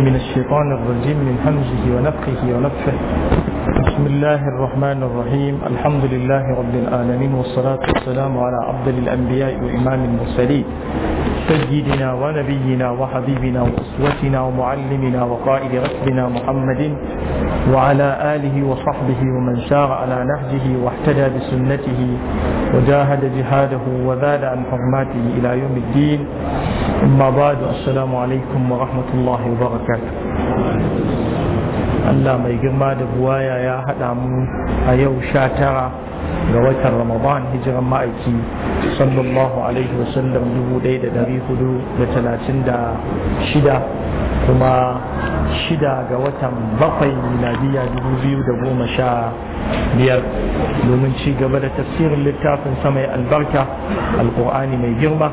من الشيطان الرجيم من همزه ونفخه ونفخه بسم الله الرحمن الرحيم الحمد لله رب العالمين والصلاة والسلام على عبد الأنبياء وإمام المرسلين سيدنا ونبينا وحبيبنا وأسوتنا ومعلمنا وقائد ركبنا محمد وعلى آله وصحبه ومن سار على نهجه واحتدى بسنته وجاهد جهاده وزاد عن حرماته إلى يوم الدين أما بعد السلام عليكم ورحمة الله وبركاته Allah mai girma da buwaya ya haɗa mu a yau sha tara ga watan Ramadan hijiran ma'aiki sallallahu alaihi wasallam dubu ɗaya da ɗari hudu da talatin da shida kuma shida ga watan bakwai miladiya dubu biyu da goma sha biyar domin ci gaba da tafsirin littafin mai albarka alƙur'ani mai girma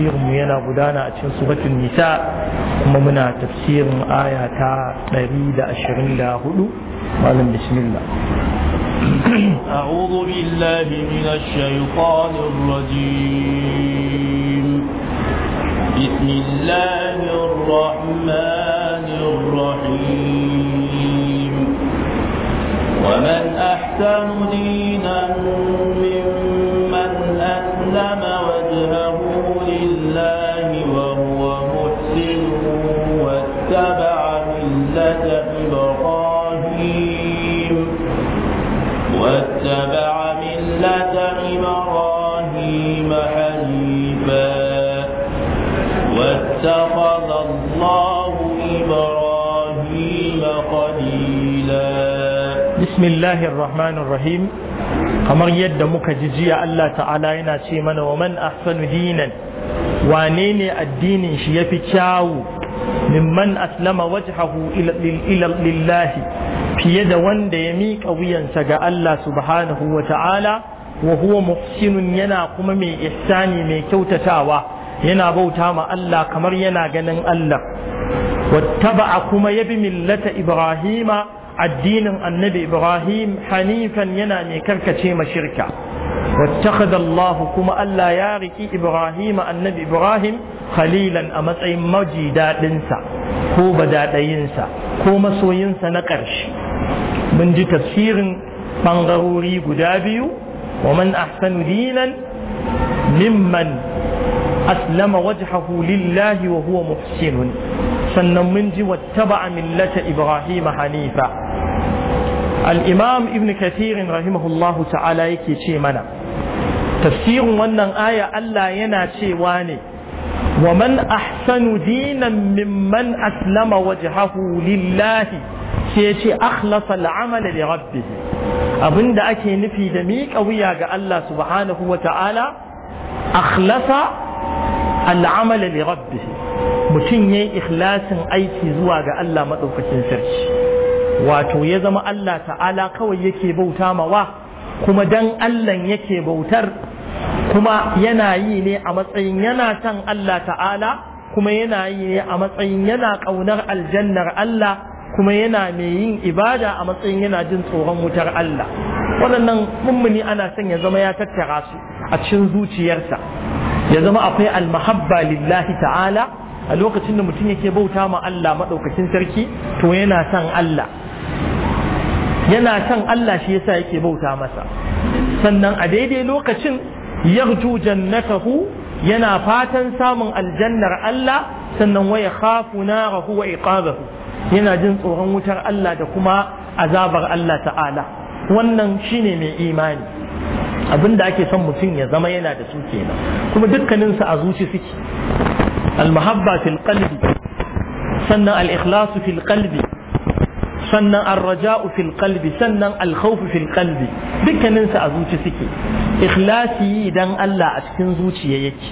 تفسير ميانا بدانا أتشن سورة النساء ممنا تفسير آية تا نريد أشرين لا هلو بسم الله أعوذ بالله من الشيطان الرجيم بسم الله الرحمن الرحيم ومن أحسن دينا ممن أسلم واتخذ الله إبراهيم خليلا بسم الله الرحمن kamar yadda muka ji jiya Allah ta'ala yana ce mana wa man ahsanu dinan wane addinin shi yafi kyawu mimman aslama wajhahu ila lillahi fiye da wanda ya miƙa wuyansa ga Allah subhanahu wa ta'ala wa huwa muhsinun yana kuma mai ihsani mai kyautatawa yana bauta ma Allah kamar yana ganin Allah wattaba'a kuma yabi millata ibrahima addinin annabi ibrahim hanifan yana mai karkace ma shirka واتخذ الله كما ألا ياركي إبراهيم النبي إبراهيم خليلا أما أي مجي دادنسا هو بدا ينسى هو مسو ينسى نقرش من جي تفسير بانغروري قدابيو ومن أحسن دينا ممن أسلم وجهه لله وهو محسن سنن منجي واتبع ملة إبراهيم حنيفا الإمام ابن كثير رحمه الله تعالى يكي شي منا تفسير ونن آية ألا ينا شي واني ومن أحسن دينا ممن أسلم وجهه لله sai ya ce akhlasa al'amal li rabbih abinda ake nufi da miƙa wuya ga Allah subhanahu wa ta'ala akhlasa al'amala li rabbih mutum yayi ikhlasin aiki zuwa ga Allah madaukakin sarki wato ya zama Allah ta'ala kawai yake bauta mawa kuma dan Allah yake bautar kuma yana yi ne a matsayin yana son Allah ta'ala kuma yana yi ne a matsayin yana ƙaunar aljannar Allah kuma yana mai yin ibada a matsayin yana jin tsoron wutar Allah waɗannan mummuni ana son ya zama ya tattara su a cikin zuciyarsa ya zama akwai almahabba lillahi ta'ala a lokacin da mutum yake bauta ma Allah maɗaukakin sarki to yana son Allah yana son Allah shi yasa yake bauta masa sannan a daidai lokacin yarju jannatahu yana fatan samun aljannar Allah sannan waya khafu narahu wa iqabahu yana jin tsoron wutar Allah da kuma azabar Allah ta'ala wannan shine mai imani abin da ake son mutum ya zama yana da su kenan kuma dukkaninsu a zuci suke almahabba fil qalbi sannan al-ikhlasu fil qalbi sannan ar-raja'u fil qalbi sannan al fil qalbi dukkaninsu a zuci suke ikhlasi idan Allah a cikin zuciya yake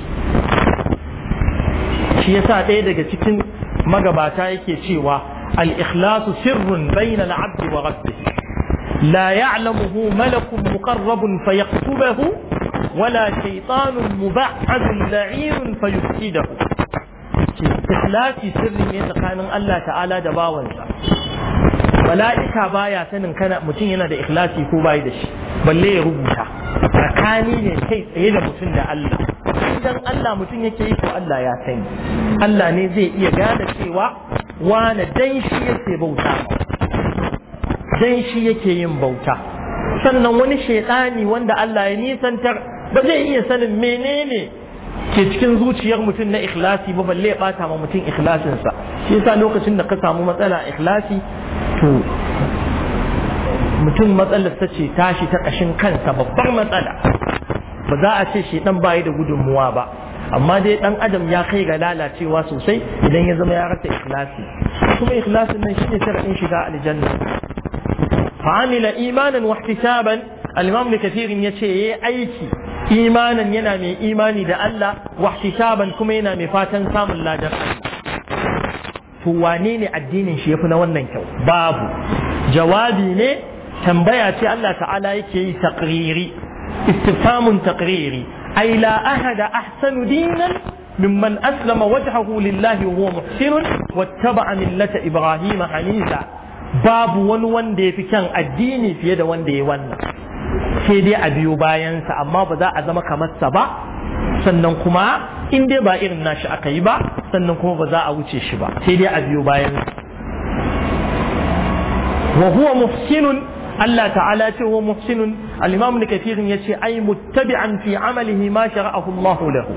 shi yasa ɗaya daga cikin magabata yake cewa al sirrin sirrun na abdi wa Rabbe. لا يعلمه ملك مقرب فيكتبه ولا شيطان مبعث لعين فيفسده ikhlasi sirri ne tsakanin Allah ta'ala da bawansa mala'ika baya sanin kana mutum yana da ikhlasi ko bai da shi balle ya rubuta tsakani ne kai tsaye da mutum da Allah idan Allah mutum yake yi to Allah ya sani Allah ne zai iya gane cewa wane dan shi yake bauta dan shi yake yin bauta sannan wani shaitani wanda Allah ya nisantar ba zai iya sanin menene ke cikin zuciyar mutum na ikhlasi ba balle ya bata ma mutum ikhlasinsa shi yasa lokacin da ka samu matsala ikhlasi to mutum matsalar ta ce tashi ta kashin kansa babbar matsala ba za a ce shi ba bayi da gudunmuwa ba amma dai dan adam ya kai ga lalacewa sosai idan ya zama ya rasa ikhlasi kuma ikhlasin nan shine sharadin shiga aljanna fa'amila imanan wa ihtisaban al-imam kathirin yace yayi aiki imanan yana mai imani da Allah wa ihtisaban kuma yana mai fatan samun ladar to addinin shi yafi na wannan kyau babu jawabi ne tambaya ce Allah ta'ala yake yi taqriri istifhamun taqriri ay la ahada ahsanu dinan ممن أسلم وجهه لله وهو محسن واتبع ملة إبراهيم حنيفا babu wani wanda ya fi kyan addini fiye da wanda ya wannan sai dai a biyo bayansa amma ba za a zama kamar sa ba sannan kuma in dai ba irin nashi aka yi ba sannan kuma ba za a wuce shi ba sai dai a biyo bayansa wa huwa muhsinun Allah ta'ala ce wa muhsinun al-imam al-kathirin yace ai muttabi'an fi amalihi ma shara'ahu Allah lahu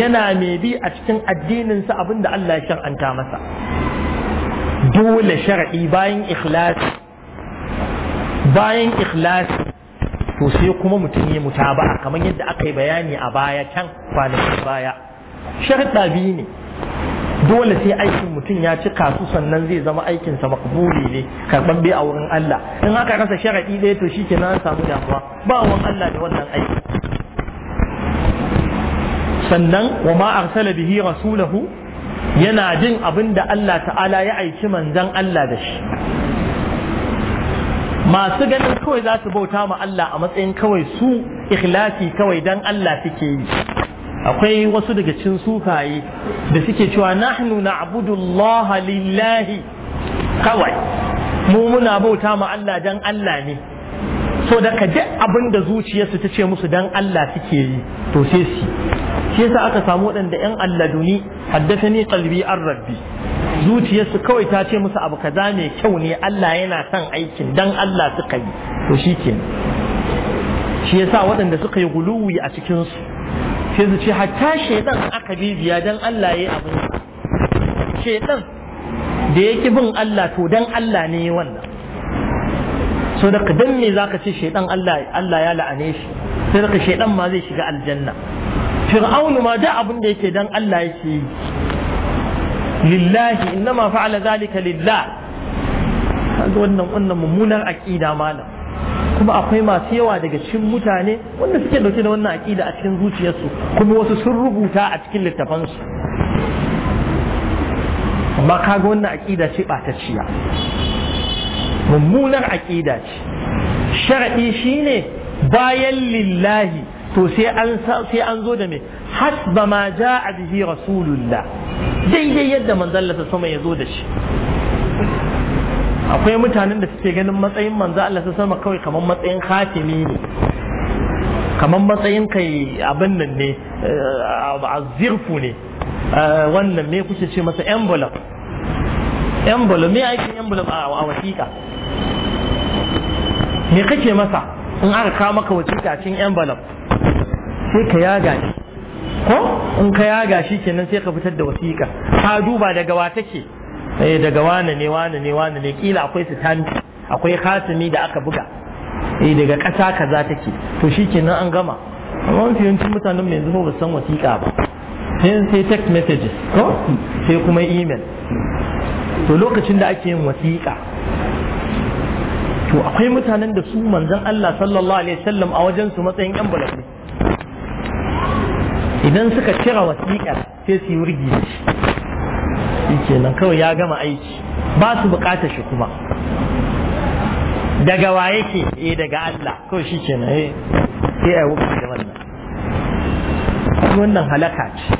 yana mai bi a cikin addinin sa abinda Allah ya shar'anta masa dole shar'i bayan ikhlas bayan ikhlas to sai kuma mutum ya mutaba'a kamar yadda aka yi bayani a baya can kwanakin baya sharɗa biyu ne dole sai aikin mutum ya ci kasu sannan zai zama aikinsa makabuli ne karɓan bai a wurin Allah in aka rasa sharaɗi ɗaya to shi kenan samu damuwa ba wani Allah da wannan aiki sannan wa ma arsala bihi rasulahu yana jin abin da Allah ta'ala ya aiki manzan Allah da shi masu ganin kawai za su bauta ma Allah a matsayin kawai su ikhlasi kawai dan Allah suke yi akwai wasu daga cikin sufaye da suke cewa nahnu na'budullaha lillahi kawai mu muna bauta ma Allah dan Allah ne so da ka ji abin da zuciyarsu ta ce musu dan Allah suke yi to sai su shi yasa aka samu waɗanda ƴan alladuni haddathani qalbi an rabbi zuciyarsu kawai ta ce musu abu kaza mai kyau ne Allah yana son aikin dan Allah suka yi to shi ke shi yasa waɗanda suka yi guluwi a cikin su sai su ce hatta shaidan aka bibiya dan Allah yayi abin shaidan da yake bin Allah to dan Allah ne wannan so ka dan me zaka ce shaidan Allah ya la'ane shi sai ka shaidan ma zai shiga aljanna fir'aunu ma da abin da yake dan Allah yake yi lillahi inna ma fa'ala zalika lillah kaga wannan wannan mummunar aqida malam kuma akwai masu yawa daga cikin mutane wanda suke dauke da wannan aqida a cikin zuciyarsu kuma wasu sun rubuta a cikin littafansu amma kaga wannan aqida ce ɓatacciya mummunar aƙida ce sharaɗi shine bayan lillahi to sai an zo da mai, hasba ma a bihi rasulullah daidai yadda manzon Allah sama ya zo da shi akwai mutanen da suke ganin matsayin manzo Allah sama kawai kamar matsayin hatimi ne kamar matsayin kai abin nan ne eh, a zirfu ne eh, wannan me kuke ce masa envelope envelope me aikin envelope a wasiƙa me kake masa in aka kawo maka wasiƙa cin envelope sai ka yaga shi ko in ka yaga shi kenan sai ka fitar da wasiƙa ka duba daga wa take eh daga wane ne wane ne wane ne kila akwai sitanti akwai khatimi da aka buga eh daga ƙasa kaza take to shikenan an gama amma mafi yanci mutanen mai yanzu ba san wasiƙa ba sai sai text messages ko sai kuma email to lokacin da ake yin wasiƙa to akwai mutanen da su manzon Allah sallallahu alaihi wasallam a wajen su matsayin yan bulaf ne idan suka cira wasiƙar sai su yi wurgi shi nan kawai ya gama aiki ba su bukata shi kuma daga wa yake eh daga Allah kawai shi kenan eh sai a wuce da wannan wannan halaka ce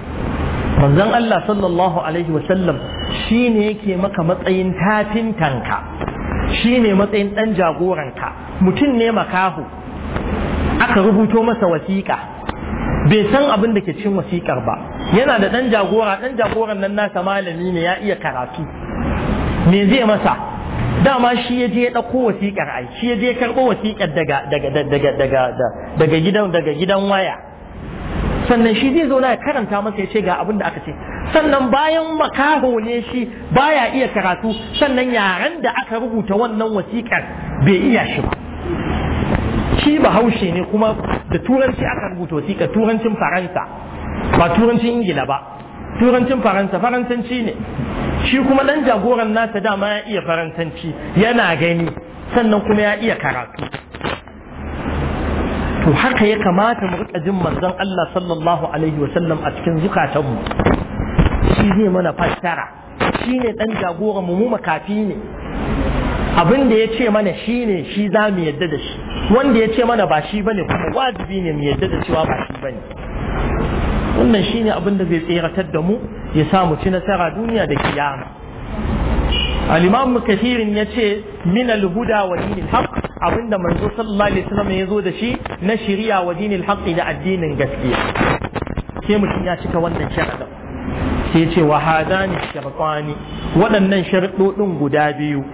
manzon Allah sallallahu alaihi wasallam shine yake maka matsayin tatin tanka shi ne matsayin ɗan jagoranka mutum ne makahu aka rubuto masa wasiƙa bai san abin da ke cin wasiƙar ba yana da ɗan jagora ɗan jagoran nan nasa malami ne ya iya karatu me zai masa dama shi ya je ya ɗauko wasiƙar ai shi ya je ya karɓo wasiƙar daga daga daga daga daga gidan waya sannan shi zai zo ya karanta masa ya ce ga abin da aka ce sannan bayan makaho ne shi baya iya karatu sannan yaren da aka rubuta wannan wasiƙar bai iya shi ba shi bahaushe ne kuma da turanci aka rubuta wasikar turancin faransa ba turancin ingila ba turancin faransa faransanci ne shi kuma ɗan jagoran nasa dama ya iya faransanci yana gani sannan kuma ya iya karatu to haka ya kamata mu rika jin manzon Allah sallallahu alaihi wasallam a cikin zukatanmu shi zai mana fassara shi ne ɗan jagoran mu makafi ne abin da ya ce mana shi ne shi za mu yadda da shi wanda ya ce mana ba shi ba ne kuma wajibi ne mu yadda da cewa ba shi ba ne wannan shi ne abin da zai tseratar da mu ya mu ci nasara duniya da kiyama al-imam kathirin ya ce min al-huda wa dinil abinda manzo sallallahu alaihi wasallam ya zo da shi na shari'a wa dinil haqq da addinin gaskiya sai mutum ya cika wannan sharadin sai ce wa hadani shartani waɗannan sharɗoɗin guda biyu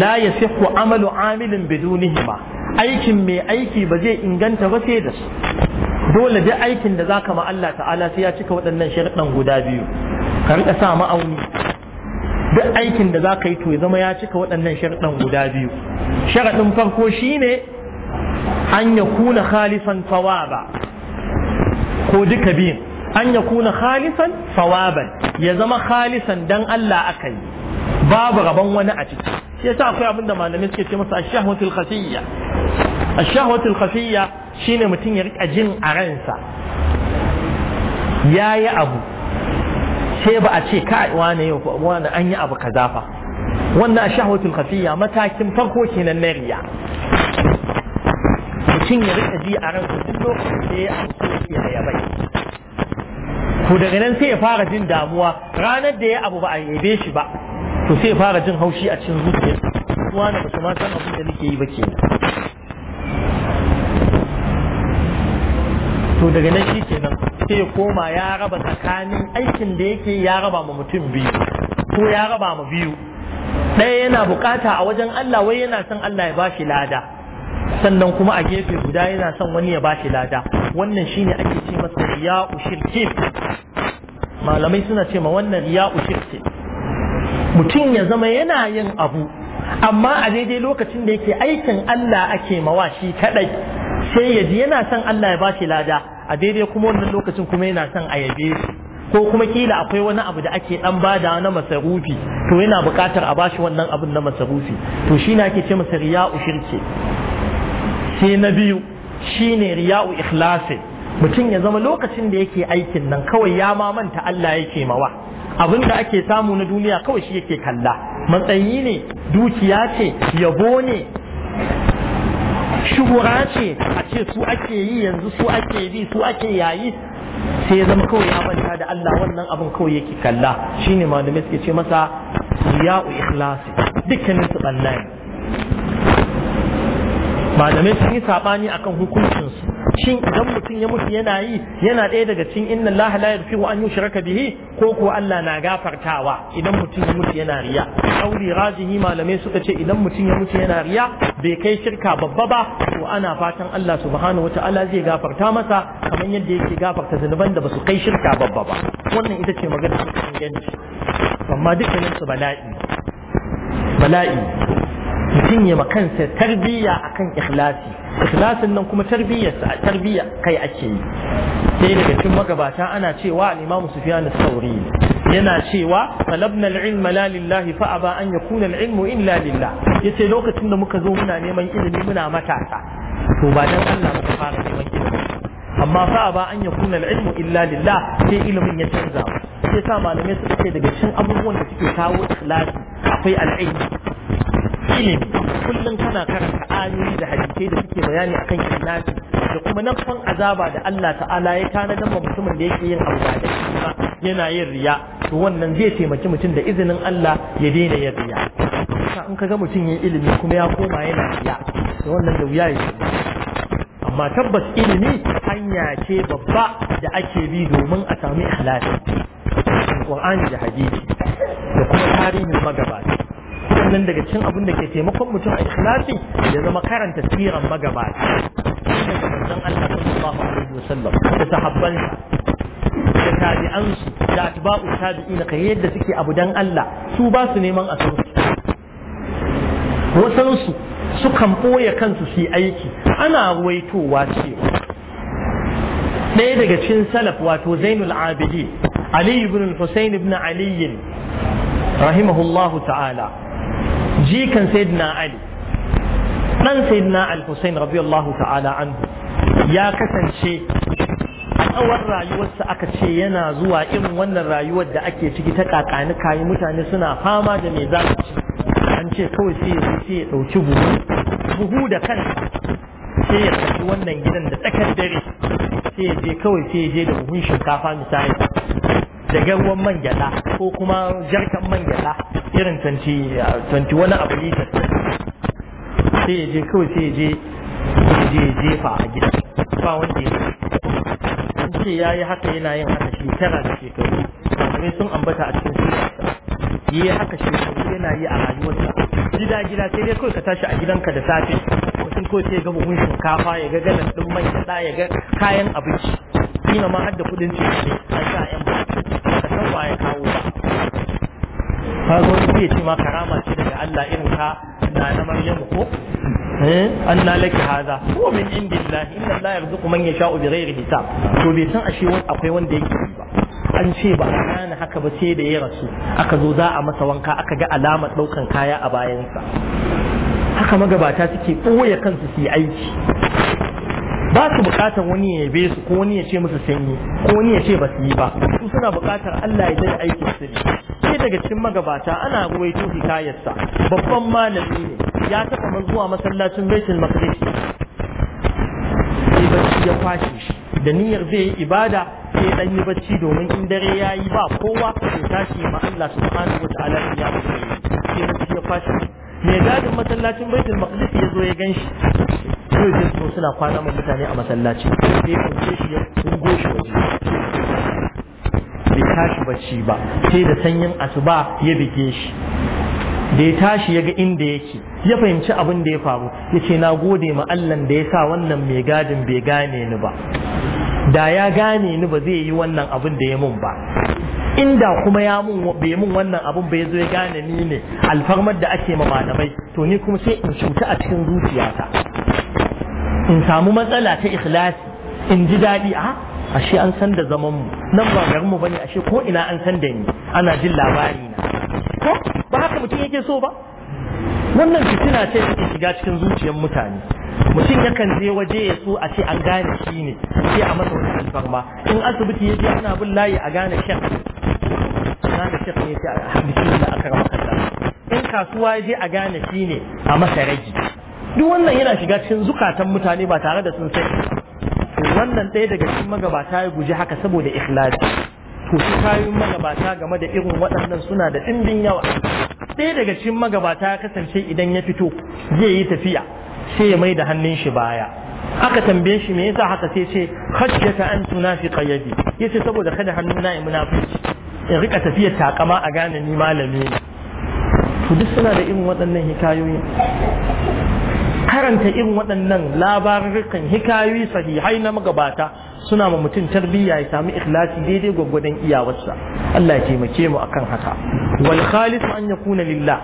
la yasihu amalu amilin bidunihima aikin mai aiki ba zai inganta ba sai da su dole duk aikin da zaka ma Allah ta'ala sai ya cika waɗannan sharɗan guda biyu ka rika sa ma'auni duk aikin da zaka yi to ya zama ya cika waɗannan sharɗan guda biyu sharaɗin farko shine an ya kuna khalifan tawaba ko duka biyu an ya kuna khalisan sawaban ya zama khalisan dan Allah aka yi babu rabon wani a ciki shi yasa akwai abin da malamai suke ce masa ash-shahwatul khafiyya ash-shahwatul khafiyya shine mutum ya rika jin a ransa yayi abu sai ba a ce kai wani wani an yi abu kaza fa wannan ash-shahwatul khafiyya matakin farko kenan na riya mutum ya rika ji a ransa duk lokacin da ya yi abu ya bai to daga nan sai ya fara jin damuwa ranar da ya abu ba a yabe shi ba to sai ya fara jin haushi a cikin zuciyarsa kuma na ba san abin da nake yi ba ke to daga nan shi kenan sai ya koma ya raba tsakanin aikin da yake ya raba ma mutum biyu ko ya raba ma biyu ɗaya yana bukata a wajen Allah wai yana son Allah ya bashi lada sannan kuma a gefe guda yana son wani ya bashi lada wannan shine ake ce masa ya ushirki malamai suna ce ma wannan riya'u shirki mutum ya zama yana yin abu amma a daidai lokacin da yake aikin Allah ake mawa shi kadai sai ya yana son Allah ya bashi lada a daidai kuma wannan lokacin kuma yana son a yabe shi ko kuma kila akwai wani abu da ake dan bada na masarufi to yana bukatar a bashi wannan abun na masarufi to shi na ake ce masa riya'u shirki sai na biyu shine riya'u ikhlasi mutum ya zama lokacin da yake aikin nan kawai ya ma manta Allah yake mawa abin da ake samu na duniya kawai shi yake kalla matsayi ne dukiya ce yabo ne shugura ce a ce su ake yi yanzu su ake bi su ake yayi sai ya zama kawai ya manta da Allah wannan abin kawai yake kalla shine malamai suke ce masa riya'u ikhlasi dukkanin su ne malamai sun yi saɓani akan hukuncin su shin idan mutum ya mutu yana yi yana ɗaya daga cikin inna Allah la yaghfiru an yushraka bihi ko ko Allah na gafartawa idan mutum ya mutu yana riya auri rajihi malamai suka ce idan mutum ya mutu yana riya bai kai shirka babba ba ko ana fatan Allah subhanahu wataala zai gafarta masa kamar yadda yake gafarta zunuban da basu kai shirka babba ba wannan ita ce maganar ta amma dukkanin bala'i mutum ya makansa tarbiyya akan ikhlasi ikhlasin nan kuma tarbiyyarsa tarbiyya kai ake yi sai daga cikin magabata ana cewa al-Imam Sufyan as-Sauri yana cewa talabna al-ilma la lillahi fa aba an yakuna al-ilmu illa lillah yace lokacin da muka zo muna neman ilimi muna matasa to ba dan Allah muka fara neman ilimi amma fa aba an yakuna al-ilmu illa lillah sai ilimin ya canza sai sa malamai suka ce daga cikin abubuwan da suke kawo ikhlasi akwai al-ilmi ilimi kullum kana karanta ayoyi da hadisai da suke bayani akan ikhlasi da kuma nafsan azaba da Allah ta'ala ya tanadar ma mutumin da yake yin abu da ba yana yin riya to wannan zai taimaki mutum da izinin Allah ya daina yin riya in ka ga mutum yin ilimi kuma ya koma yana riya to wannan da wuya ya amma tabbas ilimi hanya ce babba da ake bi domin a sami halali Qur'ani da hadisi da kuma tarihin magabata sannan daga cin abin da ke taimakon mutum a ikhlasi ya zama karanta siran magabata daga manzon Allah sallallahu alaihi wasallam da sahabbansa da tabi'ansu da atba'u tabi'ina kai yadda suke abu dan Allah su ba su neman a san su su sukan boye kansu su aiki ana waitowa cewa ɗaya daga cikin salaf wato zainul abidi ali ibn husayn ibn ali rahimahullahu ta'ala jikan sayyidina ali dan sayyidina al-husayn radiyallahu ta'ala anhu ya kasance tsawon rayuwarsa aka ce yana zuwa irin wannan rayuwar da ake ciki ta kakani kayi mutane suna fama da me za an ce kawai sai ya sai ya dauki buhu buhu da kan sai ya tafi wannan gidan da tsakar dare sai ya je kawai sai ya je da buhun shinkafa misali da garwan man gyada ko kuma jarkan man gyada irin 20 wani abu lita sai ya je kawai sai ya je je jefa a gida ba wanda ya sun ce ya yi haka yana yin haka shekara da shekaru Kamar sun ambata a cikin sirrinsa yi ya haka shekaru yana yi a rayuwarsa gida gida sai dai kawai ka tashi a gidanka da safe mutum kawai sai ya ga buhun shinkafa ya ga galan ɗin mai da ya ga kayan abinci kila ma har da kuɗin ce a sa 'yan ba ka san kawo ka zo wani ce ma karama ce daga Allah irin ka na na Maryam ko eh anna laki haza ko min indillahi inna Allah yarzuqu man yasha'u bighairi hisab to bai san ashe akwai wanda yake ba an ce ba kana haka ba ce da ya rasu aka zo za a masa wanka aka ga alamar daukan kaya a bayansa haka magabata suke ɓoye kansu su yi aiki ba su bukatar wani ya yabe su ko wani ya ce musu sanyi ko wani ya ce ba su yi ba su suna bukatar Allah ya dai aikin su ne ɗaya daga cikin magabata ana waito hikayarsa babban malami ne ya taɓa man zuwa masallacin baitul maqdis sai bacci ya kwashe shi da niyyar zai yi ibada sai dan yi bacci domin in dare yayi ba kowa ya tashi ma Allah subhanahu wataala ya sai bacci ya kwashe me gadin masallacin baitul maqdis ya zo ya ganshi sai ya suna kwana mutane a masallaci sai ya kunce shi ya kungo shi waje bai tashi bacci ba sai da sanyin asuba ya bige shi da ya tashi ya ga inda yake ya fahimci abin da ya faru ya ce na gode ma Allah da ya sa wannan mai gadin bai gane ni ba da ya gane ni ba zai yi wannan abin da ya mun ba inda kuma ya mun bai mun wannan abin bai zo ya gane ni ne alfarmar da ake ma malamai to ni kuma sai in cuta a cikin zuciyata in samu matsala ta ikhlasi in ji daɗi a ashe an san da zaman mu nan ba garin mu bane ashe ko ina an san da ni ana jin labari na ko ba haka mutum yake so ba wannan fitina ce take shiga cikin zuciyar mutane mutum yakan je waje ya so a ce an gane shi ne sai a masa wani alfarma in asibiti ya je ana bin layi a gane shek gane shek ne sai a bikin da aka rama kasa in kasuwa ya je a gane shi ne a masa ragi duk wannan yana shiga cikin zukatan mutane ba tare da sun sani wannan ɗaya daga cikin magabata ya guji haka saboda ikhlasi to su kayan magabata game da irin waɗannan suna da ɗimbin yawa ɗaya daga cikin magabata ya kasance idan ya fito zai yi tafiya sai ya mai da hannun shi baya aka tambaye shi me yasa haka sai ce khashyata an tunafiqa yadi yace saboda kada hannuna ya munafici in rika tafiya takama a gane ni malami ne to duk suna da irin waɗannan hikayoyi karanta irin waɗannan labarukan hikayoyi sahihai na magabata suna ma mutum tarbiyya ya sami ikhlasi daidai gwaggwadon iyawarsa Allah ya taimake mu akan haka wal khalis an yakuna lillah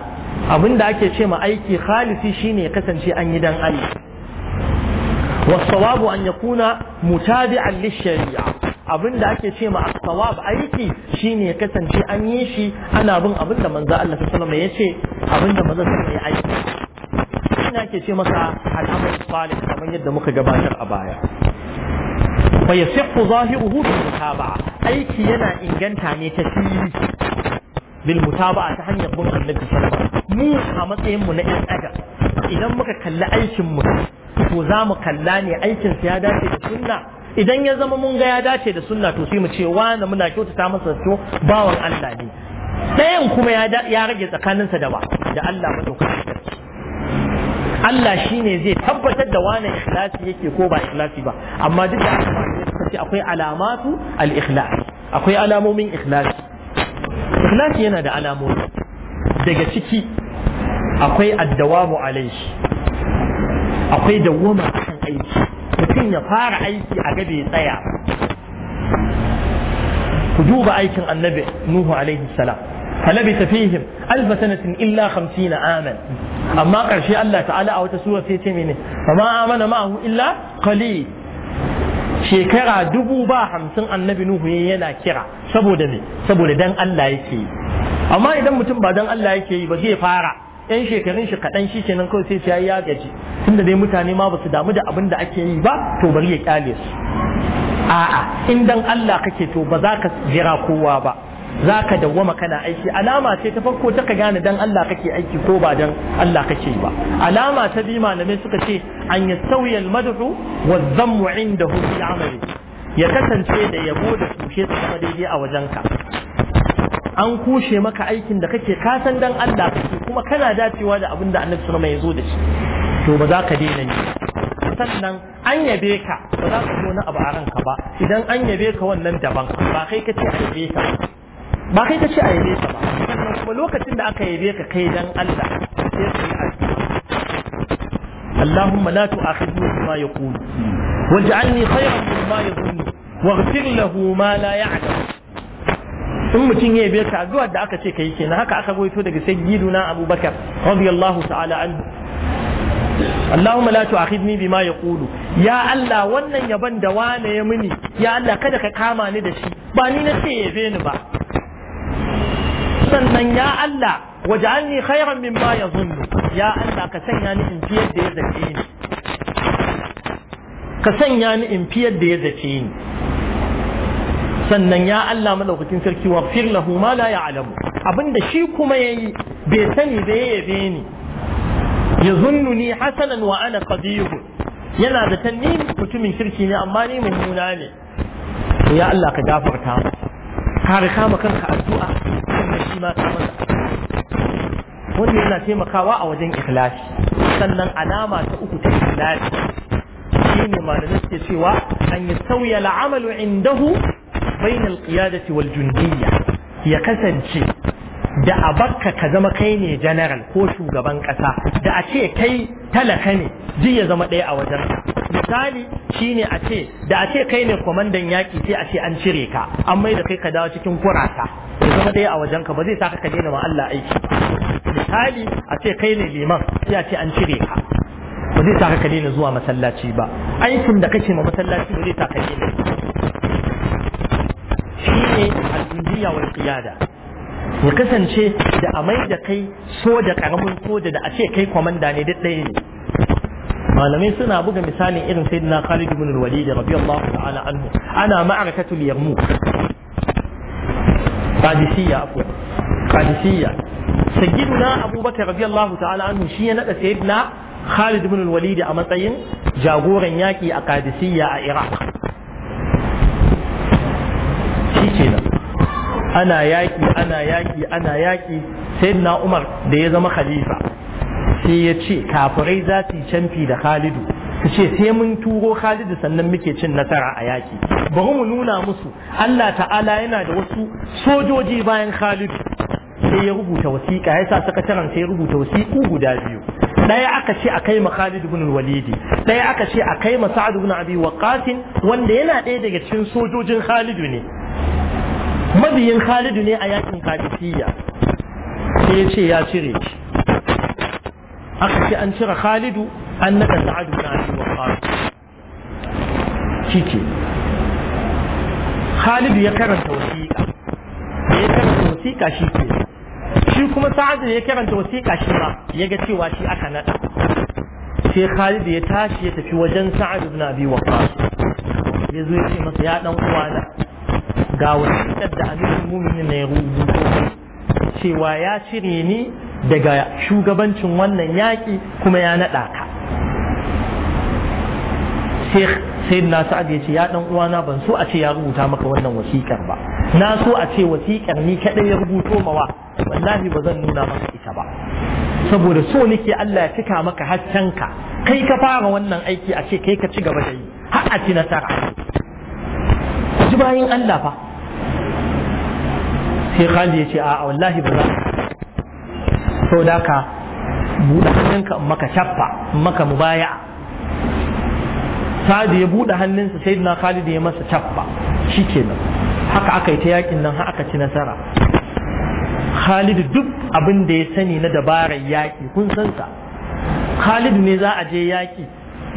abinda ake ce ma aiki khalisi shine ya kasance an yi dan Allah والصواب أن يكون متابعا للشريعة abin da ake ce ma sawab aiki shine kasance an yi shi ana bin abin da manzo Allah sallallahu alaihi wasallam yace abin da manzo sallallahu alaihi wasallam ya aiki wani ake ce masa al'amal salih kamar yadda muka gabatar a baya fa yasihhu zahiruhu bil mutaba'a aiki yana inganta ne ta fili bil mutaba'a ta hanyar bin annabi sallallahu mu a matsayin mu na ɗan adam idan muka kalli aikin mu to za mu kalla ne aikin sa ya dace da sunna idan ya zama mun ga ya dace da sunna to sai mu ce wani muna kyautata masa to bawan Allah ne ɗayan kuma ya rage tsakaninsa da ba da Allah madaukakin sarki Allah shi ne zai tabbatar da wani ikhlasi yake ko ba ikhlasi ba amma duk da haka akwai alamatu al-ikhlas akwai alamomin ikhlasi ikhlasi yana da alamomi daga ciki akwai addawamu alaihi akwai dawwama kan aiki mutum ya fara aiki a gabe tsaya ku duba aikin annabi nuhu alaihi salam فلبث فيهم ألف سنة إلا خمسين aman. amma ƙarshe Allah ta'ala a wata sura sai ce mene amma amana ma'ahu illa qali shekara dubu ba hamsin annabi nuhu yana kira saboda me saboda dan Allah yake yi amma idan mutum ba dan Allah yake yi ba zai fara yan shekarun shi kaɗan shi kenan kawai sai sai ya gaji tunda dai mutane ma ba su damu da abin da ake yi ba to bari ya kyale su a'a in dan Allah kake to ba za ka jira kowa ba za ka dawwama kana aiki alama ce ta farko ta ka gane dan Allah kake aiki ko ba dan Allah kake ba alama ta bi malamai suka ce an ya sauya almadhu wa dhammu indahu fi amali ya kasance da yabo da tushe ta daidai a wajenka an kushe maka aikin da kake kasan dan Allah kake kuma kana dacewa da abin da Annabi sallallahu alaihi wasallam ya zo da shi to ba za ka daina ni sannan an yabe ka ba za ka zo na abu a ranka ba idan an yabe ka wannan daban ba kai kace ka yabe ka ba kai ta ce a yabe ka ba sannan kuma lokacin da aka yabe ka kai dan Allah sai ka yi addu'a اللهم لا تؤاخذني بما يقول واجعلني خيرا مما يظن واغفر له ما لا يعلم in mutum ya biya ka addu'ar da aka ce kai kenan haka aka goyito daga sayyiduna abubakar radiyallahu ta'ala anhu Allahumma la tu'akhidni bima yaqulu ya Allah wannan yaban da wane ya muni? ya Allah kada ka kama ni da shi ba ni na ce yabe ni ba sannan ya Allah waj'alni khairan mimma yazunnu ya Allah ka sanya ni in fi yadda ya zace ni ka sanya ni in fi yadda ya zace ni sannan ya Allah madaukakin sarki wa fir lahu ma la ya'lamu abinda shi kuma yayi bai sani da ya yabe ni yazunnuni hasanan wa ana qabih yana da tanni mutumin kirki ne amma ni mummuna ne ya Allah ka gafarta Ka rika kama kanka addu'a masa shi ma ta masa wanda yana taimakawa a wajen ikhlasi sannan alama ta uku ta ikhlasi shine malamai ke cewa an yi sauya al'amalu indahu bain al-qiyadati wal jundiyya ya kasance da a bakka ka zama kai ne general ko shugaban kasa da a ce kai talaka ne ji ya zama ɗaya a wajen misali shine a ce da a ce kai ne kwamandan yaƙi sai a ce an cire ka an mai da kai ka dawo cikin kurata ya zama dai a wajenka ka ba zai saka ka daina ma Allah aiki misali a ce kai ne liman sai ce an cire ka ba zai saka ka daina zuwa masallaci ba aikin da kake ma masallaci ba zai saka daina ne al-indiya wal qiyada ya kasance da amai da kai so da karamin soja da a ce kai kwamanda ne duk ɗaya ne malamai suna buga misalin irin sayyidina Khalid ibn al-Walid radiyallahu ta'ala anhu ana ma'arakatul Yarmouk qadisiyya abu qadisiyya sayyiduna abubakar radiyallahu ta'ala anhu shi ya nada sayyidina Khalid ibn al-Walid a matsayin jagoran yaki a qadisiyya a Iraq shikenan ana yaki ana yaki ana yaki sayyidina Umar da ya zama khalifa sai ya ce kafirai za su yi canfi da Khalidu su ce sai mun turo Khalidu sannan muke cin nasara a yaki bari mu nuna musu Allah ta'ala yana da wasu sojoji bayan Khalidu sai ya rubuta wasiƙa ya sa sakataren sai ya rubuta wasiƙu guda biyu ɗaya aka ce a kai ma Khalid ibn Walidi ɗaya aka ce a kai ma Sa'ad ibn Abi Waqqas wanda yana ɗaya daga cikin sojojin Khalidu ne mabiyin Khalidu ne a yakin Qadisiyya sai ya ce ya cire shi aka ce an cire Khalidu an sa'ad bin abi waqas kike Khalid ya karanta wasiƙa ya karanta wasiƙa shi ke shi kuma sa'adu ya karanta wasiƙa shi ba ya ga cewa shi aka naɗa sai Khalid ya tashi ya tafi wajen sa'ad bin abi waqas ya zo ya ce masa ya dan uwana ga wasiƙar da amirul mu'minin ne ya rubuta cewa ya cire ni daga shugabancin wannan yaƙi kuma ya nada ka sheikh sayyidina sa'ad ya ce ya dan uwana ban so a ce ya rubuta maka wannan wasikar ba na so a ce wasikar ni kadai ya rubuto mawa wallahi ba zan nuna maka ita ba saboda so nake Allah ya cika maka haccanka kai ka fara wannan aiki a ce kai ka ci gaba da yi har a ci nasara ji bayin Allah fa sai Khalid ya ce a'a wallahi ba za saboda ka buɗe hannunka maka cappa maka mubaya'a sa'ad ya buɗe hannunsa sai na khalid ya masa tabba shikenan haka aka yi ta yakin nan haka ci nasara khalid duk abin da ya sani na dabarar yaki kun san sa khalid ne za a je yaƙi?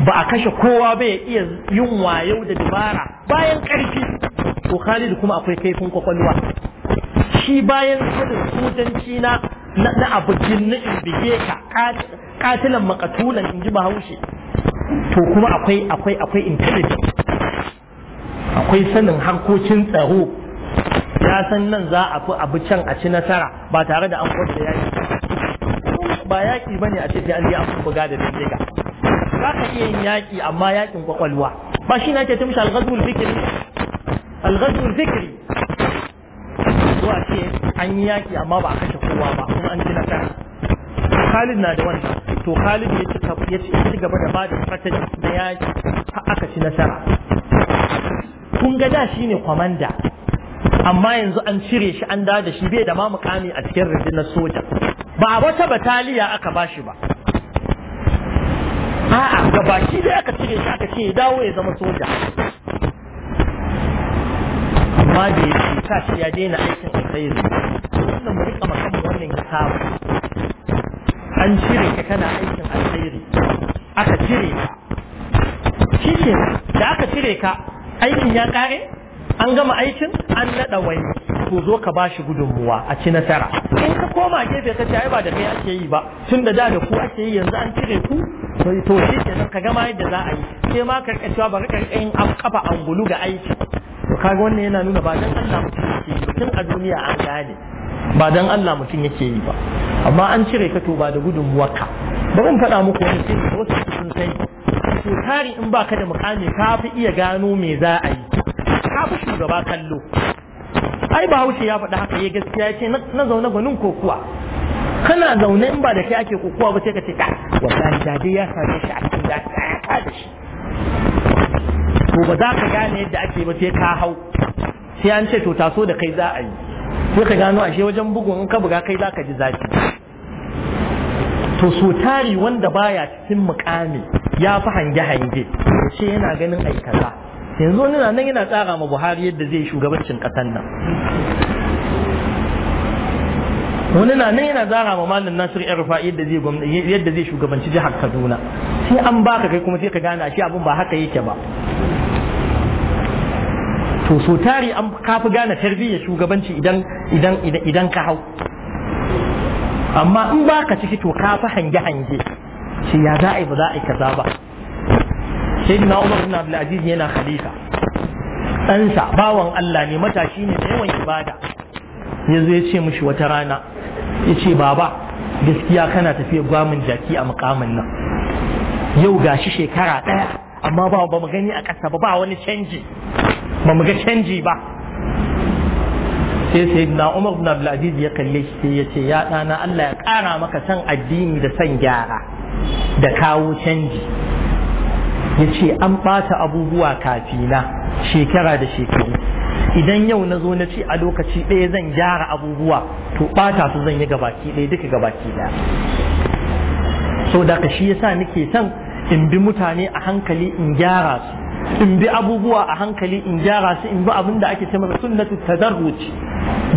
ba a kashe kowa ba ya iya yin wayo da dabara bayan karfi to khalid kuma akwai kaifin kwakwalwa shi bayan sanin sojanci na na abu jinnin bige ka katilan makatulan in ji bahaushe to kuma akwai akwai akwai intelligence akwai sanin harkokin tsaro ya san nan za a fi abu can a ci nasara ba tare da an kwanta yaki ba yaki bane a ce sai an yi an buga da dindiga za ka iya yin yaki amma yakin kwakwalwa ba shi na ke shi alghazul Zikiri. alghazul Zikiri. zuwa ce an yi yaki amma ba a kashe kowa ba kuma an ci nasara Khalid na da wannan to Khalid ya ci ya ci gaba da bada fatawa da yaki aka ci nasara kun ga da shine kwamanda amma yanzu an cire shi an da shi bai da ma mukami a cikin rundunar soja ba wata bataliya aka bashi ba a'a baki da aka cire shi aka ce ya dawo ya zama soja amma da ya ce ya daina aikin alkhairi wannan mu rika makan wannan ya samu an cire ka kana aikin alkhairi aka cire ka shi da aka cire ka aikin ya kare an gama aikin an naɗa wani to zo ka ba shi gudunmuwa a ci nasara in ka koma gefe ka ce ai ba da kai ake yi ba tun da da da ku ake yi yanzu an cire ku to shi ka gama yadda za a yi sai ma ka cewa ba ka yin kafa angulu ga aiki to kaga wannan yana nuna ba dan Allah mutum ke tun a duniya an gane ba dan Allah mutum yake yi ba amma an cire ka to ba da waka bari in faɗa muku wani sai wasu sun sai to tari in baka da mukami ka fi iya gano me za a yi ka fi shugaba kallo ai ba wuce ya faɗa haka eh, ya gaskiya ce na zaune gwanin kokuwa kana zaune in ba da kai ake kokuwa ba sai ka ce ka wallahi da dai ya same shi a cikin da ya ka da shi to ba za ka gane yadda ake ba sai ka hau sai an ce to taso da kai za a yi sai ka gano ashe wajen bugun in ka buga kai za ka ji zafi to sotari wanda baya cikin mukami ya fi hange-hange ce yana ganin aikata yanzu wani nan yana tsara ma buhari yadda zai shugabancin kasan nan wani na nan yana zara ma malam nasir yan rufa yadda zai shugabanci jihar kaduna sai an baka kai kuma sai ka gane ashe abin ba haka yake ba to so tari an kafi gane tarbiyya shugabanci idan idan idan ka hau amma in ba ka ciki to ka fi hange hange shi ya za a yi ba za a yi kaza ba sai na umar ibn abdul aziz yana khalifa ɗansa bawan Allah ne matashi ne da yawan ibada ya zo ya ce mishi wata rana ya ce baba gaskiya kana tafiya gwamin jaki a mukamin nan yau gashi shekara ɗaya amma ba ba mu gani a ƙasa ba ba wani canji ba mu ga canji ba sai na Umar bin Abdul ya kalle shi sai ya ce ya ɗana Allah ya ƙara maka san addini da san gyara da kawo canji ya ce an ɓata abubuwa kafina shekara da shekaru idan yau na zo na ce a lokaci ɗaya zan gyara abubuwa to ɓata su zan yi gabaki ɗaya duka gabaki ɗaya so da ka shi yasa nake son in bi mutane a hankali in gyara su in bi abubuwa a hankali in gyara su in bi abin da ake ce masa sunnatu tadarruj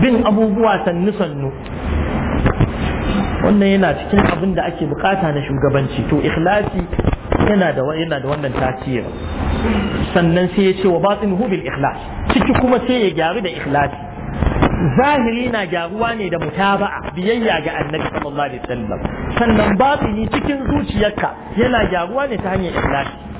bin abubuwa sannu sannu wannan yana cikin abin da ake bukata na shugabanci to ikhlasi yana da yana da wannan tasiri sannan sai ya ce wa batinuhu bil ikhlas ciki kuma sai ya gyaru da ikhlasi zahiri na gyaruwa ne da mutaba'a biyayya ga annabi sallallahu alaihi wasallam sannan batini cikin zuciyarka yana gyaruwa ne ta hanyar ikhlasi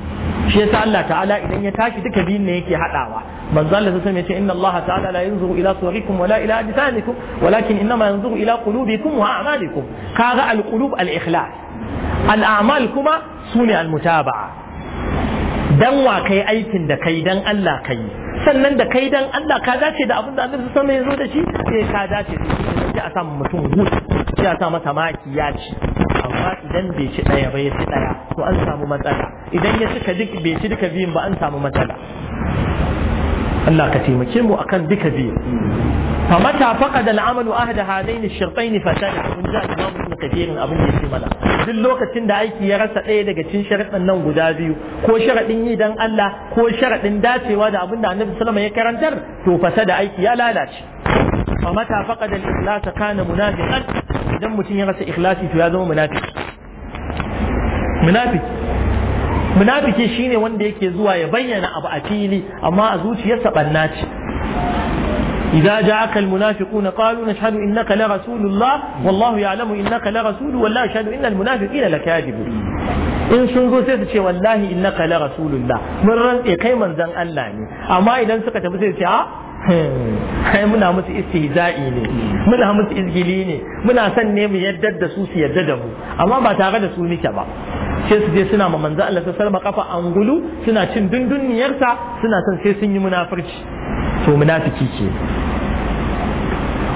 shi yasa Allah ta'ala idan ya tashi duka biyun ne yake hadawa manzo Allah sai ya ce inna Allah ta'ala la yanzuru ila suwarikum wala ila ajsamikum walakin innama yanzuru ila qulubikum wa a'malikum kaga al-qulub al-ikhlas al-a'mal kuma sune al-mutaba'a dan wa kai aikin da kai dan Allah kai sannan da kai dan Allah ka dace da abin da Annabi sallallahu ya zo da shi sai eh, ka dace da shi sai a sa mutum hutu sai a sa masa maki ya ci amma idan bai ci ɗaya ba ya ci ɗaya to an samu matsala idan ya cika duk bai ci duka biyun ba an samu matsala Allah ka taimake mu akan duka biyu فمتى فقد العمل أهد هذين الشرطين فسدع من ذا الإمام ابن كثير أبن يسمنا duk lokacin da aiki ya rasa ɗaya daga cikin sharaɗin nan guda biyu ko sharaɗin yi dan Allah ko sharaɗin dacewa da abin da Annabi sallama ya karantar to fasa da aiki ya lalace fa mata faqada al-ikhlas kana munafiqan idan mutum ya rasa ikhlasi ya zama munafiki munafiki shine wanda yake zuwa ya bayyana abu a fili amma a zuciyarsa banna ce إذا جاءك المنافقون قالوا نشهد إنك لرسول الله والله يعلم إنك لرسول والله يشهد إن المنافقين لكاذبون in sun zo sai su ce wallahi innaka la rasulullah mun rantse kai manzon Allah ne amma idan suka tafi sai su ce a ah, kai hmm, muna musu istihza'i ne muna musu izgili ne muna son ne mu yaddar da su su yadda da mu amma ba tare da su muke ba sai su je suna ma manzo Allah ta salma kafa angulu suna cin dundunniyarsa suna son sai sun yi munafurci to munafiki ke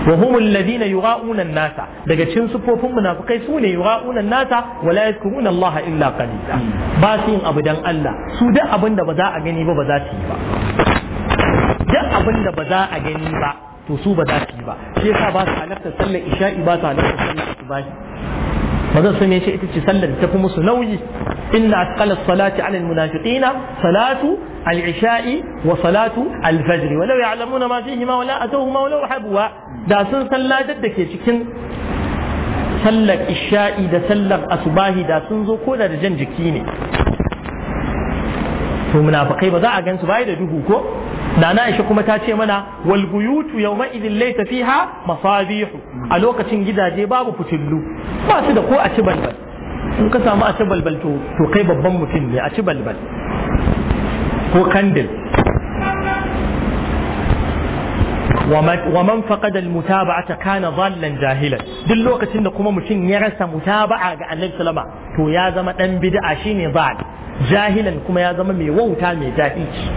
wa humul ladina yura'una nasa daga cikin sufofin munafikai su ne yura'una nasa wala la yadhkuruna Allah illa qalila ba su yin abu dan Allah su duk abin da ba za a gani ba ba za su yi ba duk abin da ba za a gani ba to su ba za su yi ba shi yasa ba su halarta sallar isha'i ba su halarta sallar subahi bazan manzon sun ce ita ce sallar da tafi musu nauyi inna asqala salati ala almunafiqina salatu al-isha'i wa salatu al-fajr walau ya'lamuna ma fihi ma wala atawhuma walau da sun sallajar da ke cikin sallar isha'i da sallar asubahi da sun zo ko da jan jiki ne to munafikai ba za a gansu bai da duhu ko nana aisha kuma ta ce mana Walguyutu buyutu yawma idhin laysa fiha a lokacin gidaje babu fitillu ba su da ko a ci balbal in ka samu a ci balbal to to kai babban mutum ne a ci balbal ko kandil ومن فقد المتابعة كان ضالا jahilan duk lokacin da kuma mutum ya rasa mutaba'a ga annabi sallama to ya zama dan bid'a shine ba jahilan kuma ya zama mai wauta mai jahilci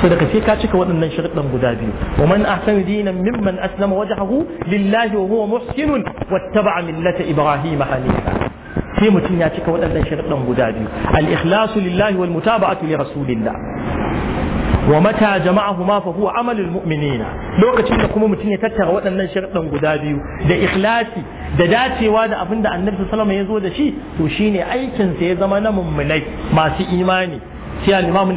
so daga sai ka cika waɗannan sharuɗan guda biyu wa man ahsanu dinan mimman aslama wajhahu lillahi wa huwa muhsinun wattaba'a millata Ibrahim hanifa sai mutum ya cika waɗannan sharuɗan guda biyu al-ikhlasu lillahi wal mutaba'atu li rasulillah wa mata jama'ahuma fa huwa amalul mu'minina lokacin da kuma mutum ya tattara waɗannan sharuɗan guda biyu da ikhlasi da dacewa da abin da annabi sallallahu alaihi wasallam ya zo da shi to shine aikin sa ya zama na mummunai masu imani sai al-imam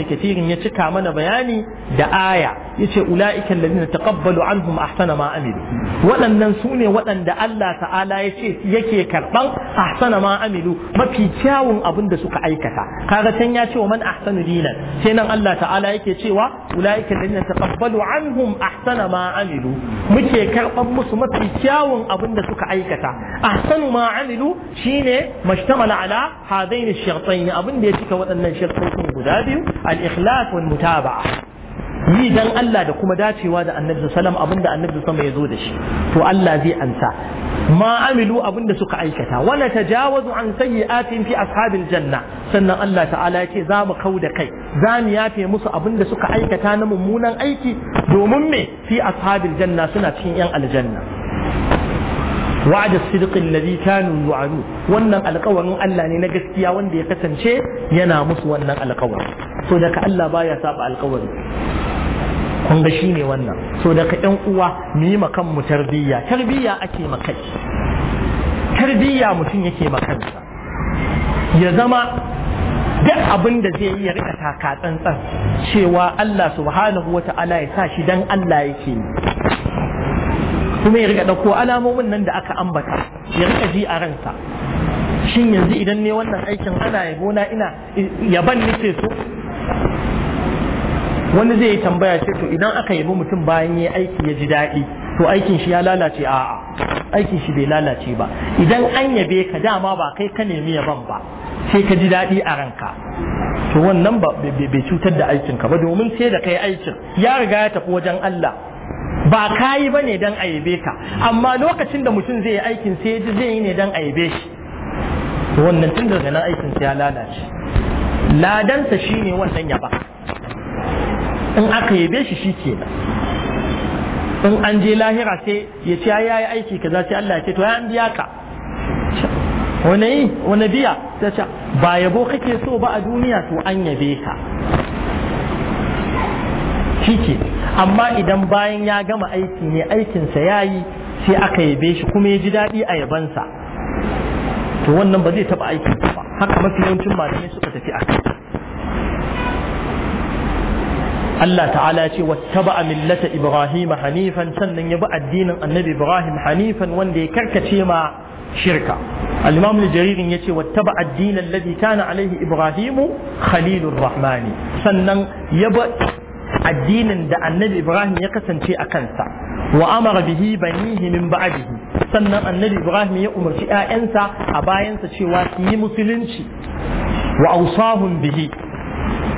ya cika mana bayani da aya yace ulaika alladhina taqabbalu anhum ahsana ma amilu waɗannan su ne waɗanda Allah ta'ala yace yake karban ahsana ma amilu mafi kyawun abin da suka aikata kaga can ya ce wa man ahsanu dinan sai nan Allah ta'ala yake cewa ulaika ladina taqabbalu anhum ahsana ma amilu muke karban musu mafi kyawun abin da suka aikata ahsanu ma amilu shine mashtamala ala hadain ash-shartain abin da ya cika waɗannan shartain guda biyu al-ikhlas wal mutaba'a yi dan Allah da kuma dacewa da annabi sallam abinda annabi sama ya zo da shi to Allah zai ansa ma amilu abinda suka aikata wala tajawazu an sayyi'atin fi ashabil janna sannan Allah ta'ala yake za mu kau da kai za mu yafe musu abinda suka aikata na mummunan aiki domin me fi ashabil janna suna cikin yan aljanna wa'ada sidqin alladhi kanu yu'adu wannan alƙawarin Allah ne na gaskiya wanda ya kasance yana musu wannan alƙawarin so daga Allah baya saba alƙawari kun ga shi ne wannan so daga yan uwa mu yi makan mu tarbiyya tarbiyya ake makai tarbiyya mutum yake makansa ya zama duk abin da zai yi ya rika taka tsantsan cewa Allah subhanahu wata'ala ya sa shi dan Allah yake ni. kuma ya rika dauko alamomin nan da aka ambata ya rika ji a ransa shin yanzu idan ne wannan aikin ana yabo na ina yaban nake so wani zai yi tambaya ce to idan aka yabi mutum bayan ya aiki ya ji daɗi to aikin shi ya lalace a'a aikin shi bai lalace ba idan an yabe ka dama ba kai ka nemi yaban ba sai ka ji daɗi a ranka to wannan ba bai cutar da aikin ka ba domin sai da kai aikin ya riga ya tafi wajen Allah ba kayi ba ne don a yabe ka amma lokacin da mutum zai yi aikin sai ji zai yi ne dan a yabe shi to wannan tun daga nan aikin sai ya lalace ladansa shine wannan yaba in aka yabe shi shi kenan in an je lahira sai ya ce ya yi aiki kaza sai Allah ya ce to ya an biya ka wani yi wani biya ta ce ba yabo kake so ba a duniya to an yabe ka shi ke amma idan bayan ya gama aiki ne aikinsa ya yi sai aka yabe shi kuma ya ji daɗi a yabansa to wannan ba zai taɓa aikinsa ba haka mafi yawancin malamai suka tafi a kai Allah ta'ala ce wattaba millata Ibrahim hanifan sannan ya bi addinin Annabi Ibrahim hanifan wanda ya karkace ma shirka al-Imam al ce yace wattaba addinin alladhi kana alaihi Ibrahim khalilur sannan ya bi addinin da Annabi Ibrahim ya kasance a kansa wa amara bihi banihi min ba'dihi sannan Annabi Ibrahim ya umarci 'ya'yansa a bayansa cewa su yi musulunci wa ausahum bihi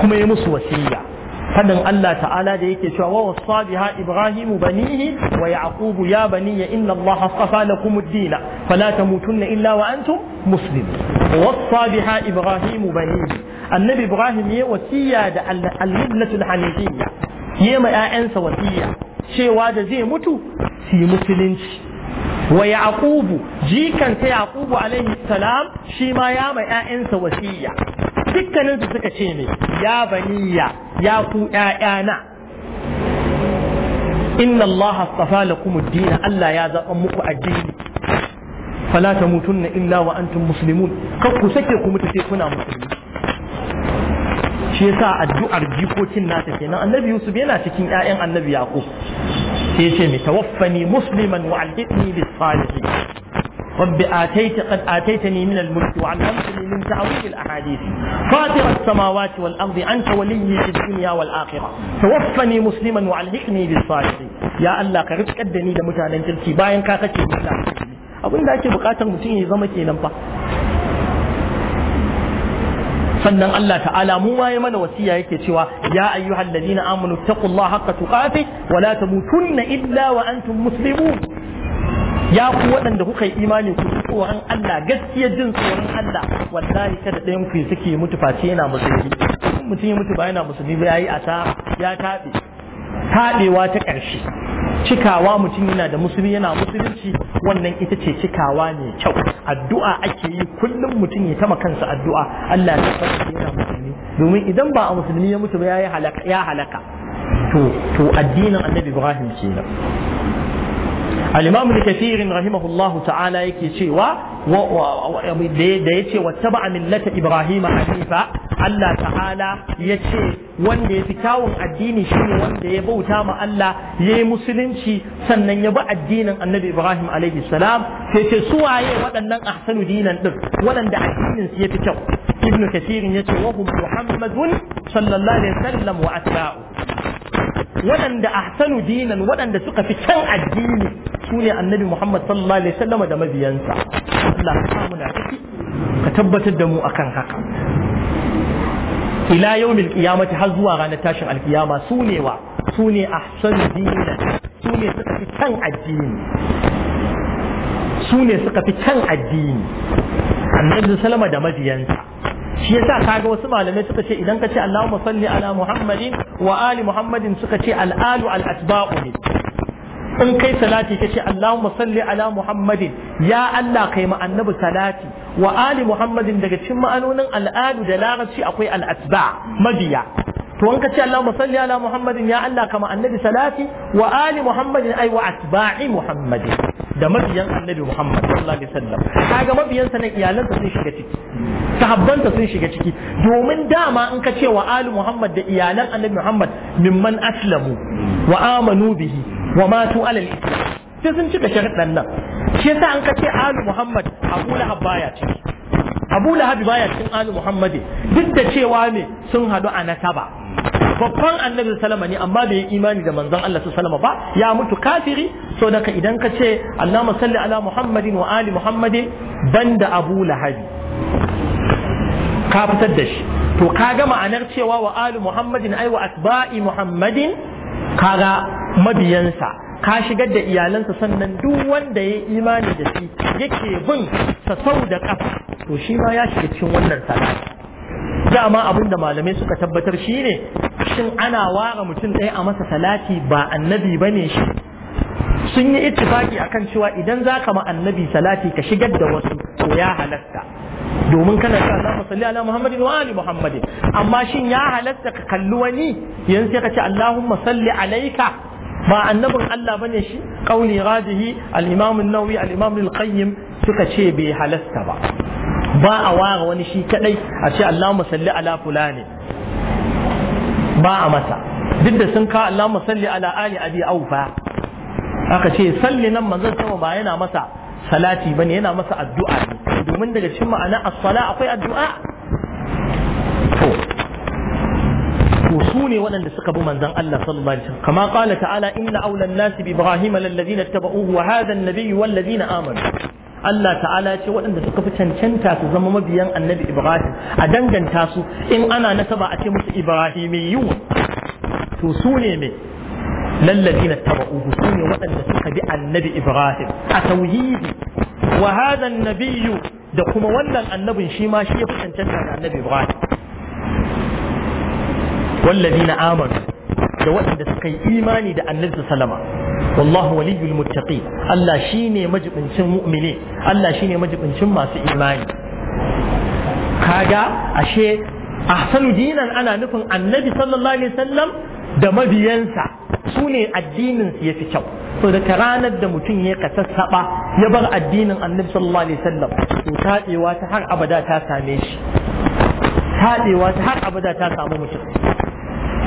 kuma ya musu wasiya fadin Allah ta'ala da yake cewa wa wasa ibrahim banihi wa yaqub ya bani inna Allah astafa lakum ad-din fala tamutunna illa wa antum muslimun wasa biha ibrahim banihi annabi ibrahim ya wasiya da al-millatul hanifiyya yema ƴaƴansa wasiyya cewa da zai mutu si musulunci wa yaqubu jikan ta yaqubu alaihi salam shi ma ya ma ƴaƴansa wasiya dukkanin su suka ce ne ya baniya ya ku ƴaƴana inna Allah astafa lakum ad-din Allah ya zaba muku addini fala tamutunna illa wa antum muslimun kar ku sake ku mutu sai kuna musulmi shi yasa addu'ar jikokin nata kenan annabi Yusuf yana cikin ƴaƴan annabi Yaqub sai ce mi tawaffani musliman wa رب آتيت قد آتيتني من الملك وعلمتني من تعويل الأحاديث فاطر السماوات والأرض أنت ولي في الدنيا والآخرة توفني مسلما وألحقني بالصالحين يا الله كرب قدني da mutanen kirki bayan ka kace musulmi abin da ake bukatar mutum sannan Allah ta'ala mu ma ya mana wasiya yake cewa ya ayyuhal ladina amanu taqullaha haqqa tuqati wa la tamutunna illa wa antum muslimun ya ku waɗanda kuka yi imani ku tsoron Allah gaskiya jin tsoron Allah wallahi kada ɗayan ku suke mutu face yana musulmi mutum ya mutu ba yana musulmi ba yayi ata ya tabe taɗewa ta ƙarshe cikawa mutum yana da musulmi yana musulunci wannan ita ce cikawa mai kyau addu'a ake yi kullum mutum ya tama kansa addu'a Allah ya tabbata yana musulmi domin idan ba a musulmi ya mutu ba ya halaka ya halaka to to addinin Annabi Ibrahim kenan al-Imam al-Kathir rahimahullahu ta'ala yake cewa da ya ce wata ba millata ibrahim hanifa Allah ta'ala ya ce wanda ya fi kyawun addini shi ne wanda ya bauta ma Allah ya yi musulunci sannan ya bi addinin annabi ibrahim alaihi salam sai ce waye waɗannan ahsanu dinan din waɗanda addinin ya fi kyau ibnu kasirin ya ce wahum muhammadun sallallahu alaihi wasallam wa atba'u waɗanda ahsanu dinan waɗanda suka fi kyan addini Su ne annabi Muhammad sallallahu alaihi wasallam da mabiyansa Allah ka muna ciki ka tabbatar da mu akan haka ila yau yawmil qiyamati har zuwa ranar tashin alkiyama Su ne wa sune ahsan dinan sune suka fi kan addini sune suka fi kan addini annabi sallama da mabiyansa shi yasa kaga wasu malamai suka ce idan ka ce Allahumma salli ala Muhammadin wa ali Muhammadin suka ce al'alu al asba'u ne in kai salati kace Allahumma salli ala Muhammadin ya Allah kai ma annabi salati wa ali Muhammadin daga cikin ma'anonin al'adu da larabci akwai al'atba mabiya to in kace Allahumma salli ala Muhammadin ya Allah kama annabi salati wa ali Muhammadin ai wa atba'i Muhammadin da mabiyan annabi Muhammad sallallahu alaihi wasallam kaga mabiyan sa ne iyalansa sun shiga ciki sa sun shiga ciki domin dama in ka ce wa ali Muhammad da iyalan annabi Muhammad mimman aslamu wa amanu bihi wa matu alal islam sai sun cika sharuɗan nan shi yasa an ka ce ali Muhammad Abu Lahab baya ciki Abu Lahab baya cikin ali Muhammad duk da cewa ne sun hadu a nasaba babban annabi salama ne amma bai yi imani da manzon Allah salama ba ya mutu kafiri so daga idan ka ce Allahumma salli ala Muhammadin wa ali Muhammadin banda Abu Lahabi ka fitar da shi to ka ga ma'anar cewa wa ali Muhammadin ai wa asba'i Muhammadin kaga mabiyansa ka shigar da iyalansa sannan duk wanda ya imani da shi yake bin sa sau da kafa to shi ma ya shiga cikin wannan salati dama abin da malamai suka tabbatar shine shin ana ware mutum ɗaya a masa salati ba annabi ba ne shi sun yi ittifaki akan cewa idan za ka annabi salati ka shigar da wasu to ya halatta domin kana cewa Allahumma salli ala Muhammadin wa ali Muhammadin amma shin ya halatta ka kalli wani yanzu sai ka ce Allahumma salli alaika ba annabin Allah bane shi kauli rajihi al-Imam an-Nawawi al-Imam al-Qayyim suka ce bai halasta ba ba a ware wani shi kadai a ce Allahumma salli ala fulani ba a masa duk da sun ka Allahumma salli ala ali abi aufa aka ce salli nan manzon sama ba yana masa salati ba ne yana masa addu'a ne domin daga cikin ma'ana as-sala akwai addu'a to su ne waɗanda suka bi manzon Allah sallallahu alaihi wasallam kama qala ta'ala inna awla an-nasi bi ibrahima lallazina ittaba'uhu wa hadha an-nabiyyu wallazina amanu Allah ta'ala ce waɗanda suka fi cancanta su zama mabiyan annabi Ibrahim a danganta su in ana nasaba a ce musu Ibrahimiyyun to su ne me lallazina taba'uhu su ne waɗanda suka bi annabi Ibrahim a tauhidi wa hadha nabiyyu da kuma wannan annabin shi ma shi ya fi cancanta da annabi Ibrahim wallazina amanu da waɗanda suka yi imani da annabi sallama wallahu waliyul muttaqi Allah shine majibincin mu'mini Allah shine majibincin masu imani kaga ashe ahsanu dinan ana nufin annabi sallallahu alaihi wasallam da mabiyansa su ne addinin su yafi kyau So da ranar da mutum ya kasassaba ya bar addinin annabi sallallahu alaihi wasallam to tadewa ta har abada ta same shi tadewa ta har abada ta samu mutum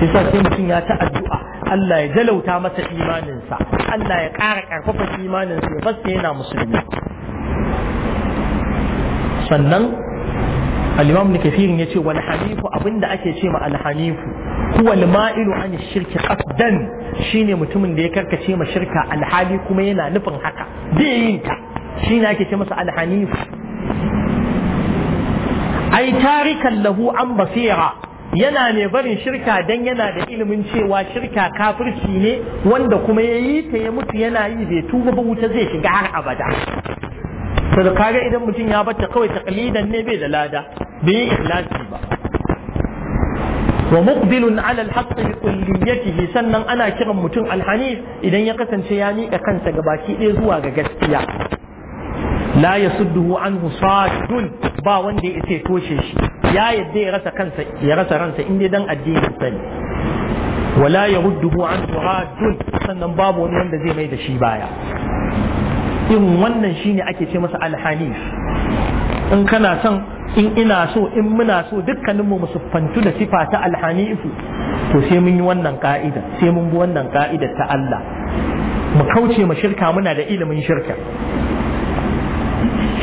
yasa sai mutum ya ta addu'a Allah ya jalauta masa imaninsa Allah ya ƙara ƙarfafa imaninsa ya fasta yana musulmi sannan al-imam kafirin ya ce wal hanifu abinda ake ce ma al hanifu Kuwa al an shirki qasdan shine mutumin da ya karkace ma shirka alhali kuma yana nufin haka bai yin ta shine ake ce masa al hanifu ai tarikan lahu an basira yana mai barin shirka dan yana da ilimin cewa shirka kafirci ne wanda kuma ya yi ta ya mutu yana yi bai tuba ba wuta zai shiga har abada to kaga idan mutum ya bata kawai taqlidan ne bai da lada bai yi ikhlasi ba wa muqbilun ala alhaqqi bi kulliyatihi sannan ana kiran mutum alhanif idan ya kasance ya miƙa kansa gabaki ɗaya zuwa ga gaskiya la yasudduhu anhu sadun ba wanda ya ce toshe shi ya yadda ya rasa rasa ransa in dai dan addinin sa sannan babu wani wanda zai mai da shi baya in wannan shine ake ce masa alhani in kana son in ina so in muna so dukkaninmu mu siffantu da sifa ta alhanifu to sai mun yi wannan ka'ida sai mun bi wannan ka'ida ta Allah mu kauce ma shirka muna da ilimin shirka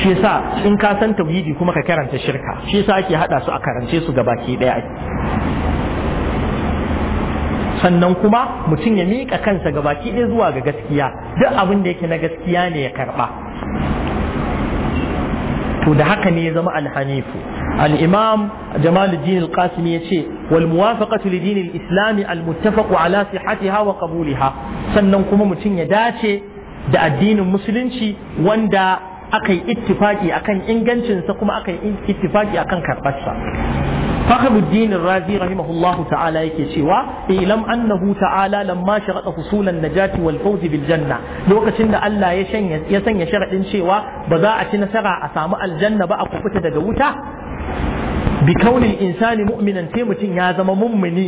shi yasa in ka san tauhidi kuma ka karanta shirka shi yasa ake hada su a karance su gabaki daya sannan kuma mutum ya miƙa kansa gabaki daya zuwa ga gaskiya duk abin da yake na gaskiya ne ya karɓa to da haka ne ya zama alhanifu الإمام جمال الدين القاسمي يشي والموافقة لدين الإسلام المتفق على Sannan kuma سننكم ya dace da addinin musulunci wanda aka yi ittifaki akan ingancinsa kuma aka yi ittifaki akan karɓarsa fakhruddin razi rahimahullahu ta'ala yake cewa ilam annahu ta'ala lamma sharada husulan najati wal fawz bil janna lokacin da Allah ya sanya ya sanya sharadin cewa ba za a ci nasara a samu aljanna ba a kubuta daga wuta bi kauni insani mu'minan sai mutum ya zama mummuni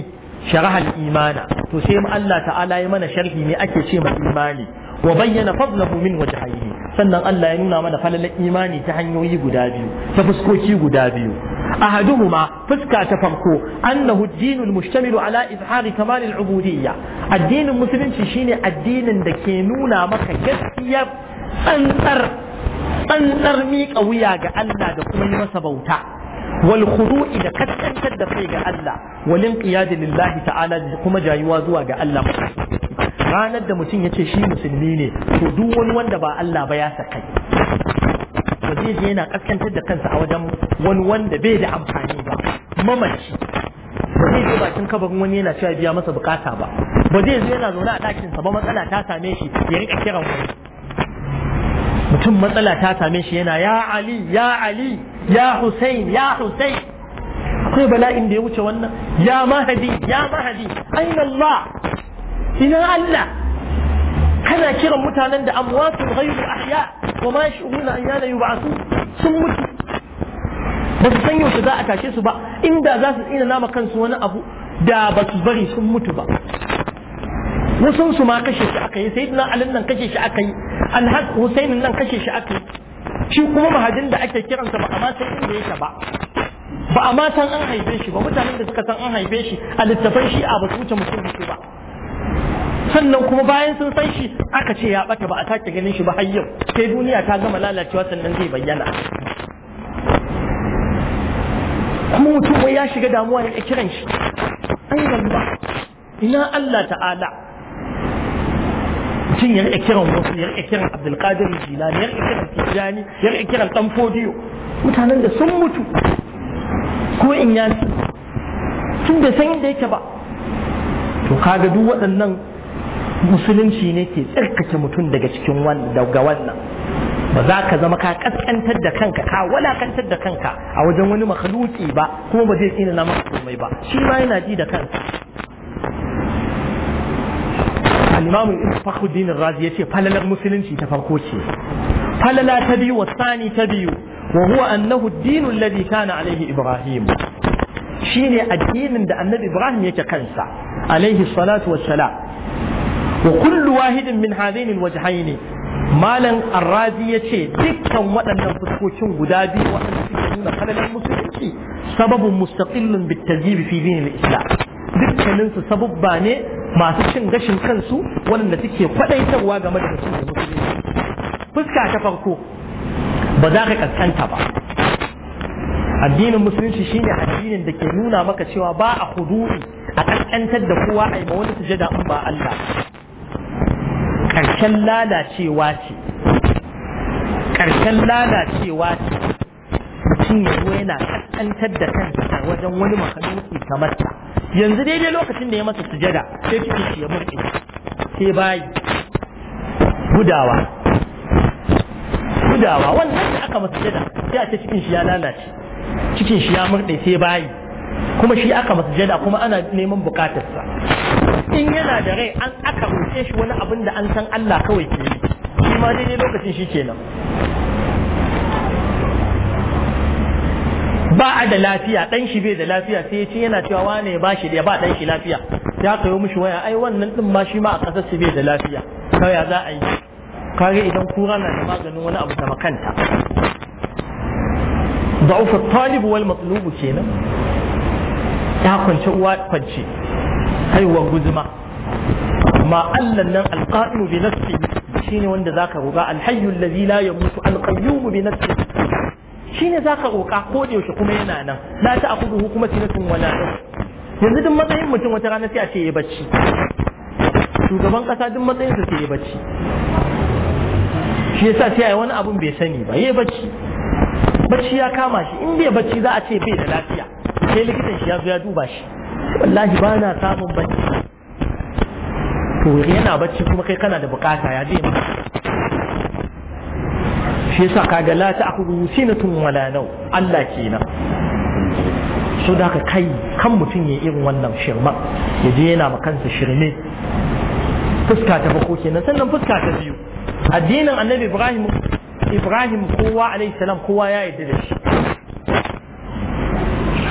sharaha imana to sai Allah ta'ala ya mana sharhi ne ake ce ma imani wa bayyana fadlahu waje wajhihi sannan Allah ya nuna mana falalar imani ta hanyoyi guda biyu ta fuskoki guda biyu ahaduhuma fuska ta farko annahu dinul mushtamilu ala izhari kamal al-ubudiyya addinin musulunci shine addinin da ke nuna maka gaskiyar tsantsar tsantsar miƙa wuya ga Allah da kuma yi masa bauta wal khudu'i da kaskantar da kai ga Allah walin qiyadi lillahi ta'ala da kuma jayuwa zuwa ga Allah ranar da mutum ya ce shi musulmi ne to duk wani wanda ba Allah ba ya saka ba zai je yana kaskantar da kansa a wajen wani wanda bai da amfani ba mamaci ba zai je bakin kabarin wani yana cewa biya masa bukata ba ba zai zo yana zaune a sa ba matsala ta same shi ya rika kiran wani mutum matsala ta same shi yana ya ali ya ali ya hussein ya hussein akwai bala'in da ya wuce wannan ya mahadi ya mahadi aina allah ina allah kana kiran mutanen da amwatun ghairu ahya wa ma yashuruna an yana yub'asu sun mutu ba su san yaushe za a tashe su ba inda za su tsina nama kansu wani abu da ba su bari sun mutu ba wasan su ma kashe shi aka yi na alin nan kashe shi aka yi alhaq husainin nan kashe shi aka shi kuma mahajin da ake kiransa ba a ma san inda yake ba ba a san an haife shi ba mutanen da suka san an haife shi a littafan shi a ba su wuce mutum shi ba sannan kuma bayan sun san shi aka ce ya bata ba a sake ganin shi ba har yau sai duniya ta gama lalacewa sannan zai bayyana kuma mutum ya shiga damuwa a kiran shi ai ba ina Allah ta'ala mutum ya rika kiran wasu ya rika kiran abdulkadir jilani ya rika kiran tijjani ya kiran dan mutanen da sun mutu ko in ya tun da san yadda yake ba to kaga duk waɗannan musulunci ne ke tsarkake mutum daga cikin daga wannan ba za ka zama ka kaskantar da kanka ka walakantar da kanka a wajen wani makhluki ba kuma ba zai tsina na maka komai ba shi ma yana ji da kansa al-imam isfahuddin razi ce falalar musulunci ta farko ce falala ta biyu wasani ta biyu wa huwa annahu ad-din kana alayhi ibrahim shine addinin da annabi ibrahim yake kansa alayhi salatu wassalam wa kullu wahidin min hadhaini al-wajhaini malam arrazi ya ce dukkan waɗannan fuskokin guda biyu waɗanda suke nuna falalar musulunci sababin mustaqillun bitajiri fi dinin islam dukkaninsu sababba ne masu cin gashin kansu waɗanda suke kwaɗaitarwa game da mutum da musulunci fuska ta farko ba za ka kaskanta ba addinin musulunci shine addinin da ke nuna maka cewa ba a hudu'i a kaskantar da kowa a yi ma wani sujada in ba Allah ƙarshen lalacewa ce ƙarshen lalacewa ce mutum ya zo yana kaskantar da kansa wajen wani makaluki kamar ta yanzu daidai lokacin da ya masa sujada sai ciki shi ya mutu sai bayi gudawa gudawa wannan da aka masa sujada sai a ce cikin shi ya lalace cikin shi ya murɗe sai bayi kuma shi aka masa sujada kuma ana neman bukatarsa in yana da rai an aka roƙe shi wani abin da an san Allah kawai ke yi shi ma daidai lokacin shi kenan ba da lafiya dan shi bai da lafiya sai ya ce yana cewa wane ya bashi da ya ba dan shi lafiya ya kayo mishi waya ai wannan din ma shi ma a kasar shi bai da lafiya kawai za a yi kare idan kura na da maganin wani abu ta makanta ضعف الطالب والمطلوب كينا ya kwance uwa kwance haihuwar guzuma amma Allah nan alqa'imu shine wanda zaka ruga alhayyu allazi la yamutu alqayyum bi nafsi shi ne za ka roƙa ko da yaushe kuma yana nan na ta aku duhu kuma wani wala yanzu duk matsayin mutum wata rana sai a ce ya bacci shugaban ƙasa duk matsayinsa sai ya bacci shi yasa sai ai wani abun bai sani ba ya bacci bacci ya kama shi in bai bacci za a ce bai da lafiya sai likitan shi ya zo ya duba shi wallahi ba na samun bacci to yana bacci kuma kai kana da bukata ya je maka shi yasa kaga la ta'khudhu sinatun wala naw Allah kenan so da ka kai kan mutum ya irin wannan shirma ya je yana ma kansa shirme fuska ta farko kenan sannan fuska ta biyu addinin annabi Ibrahim Ibrahim kowa alaihi salam kowa ya yarda da shi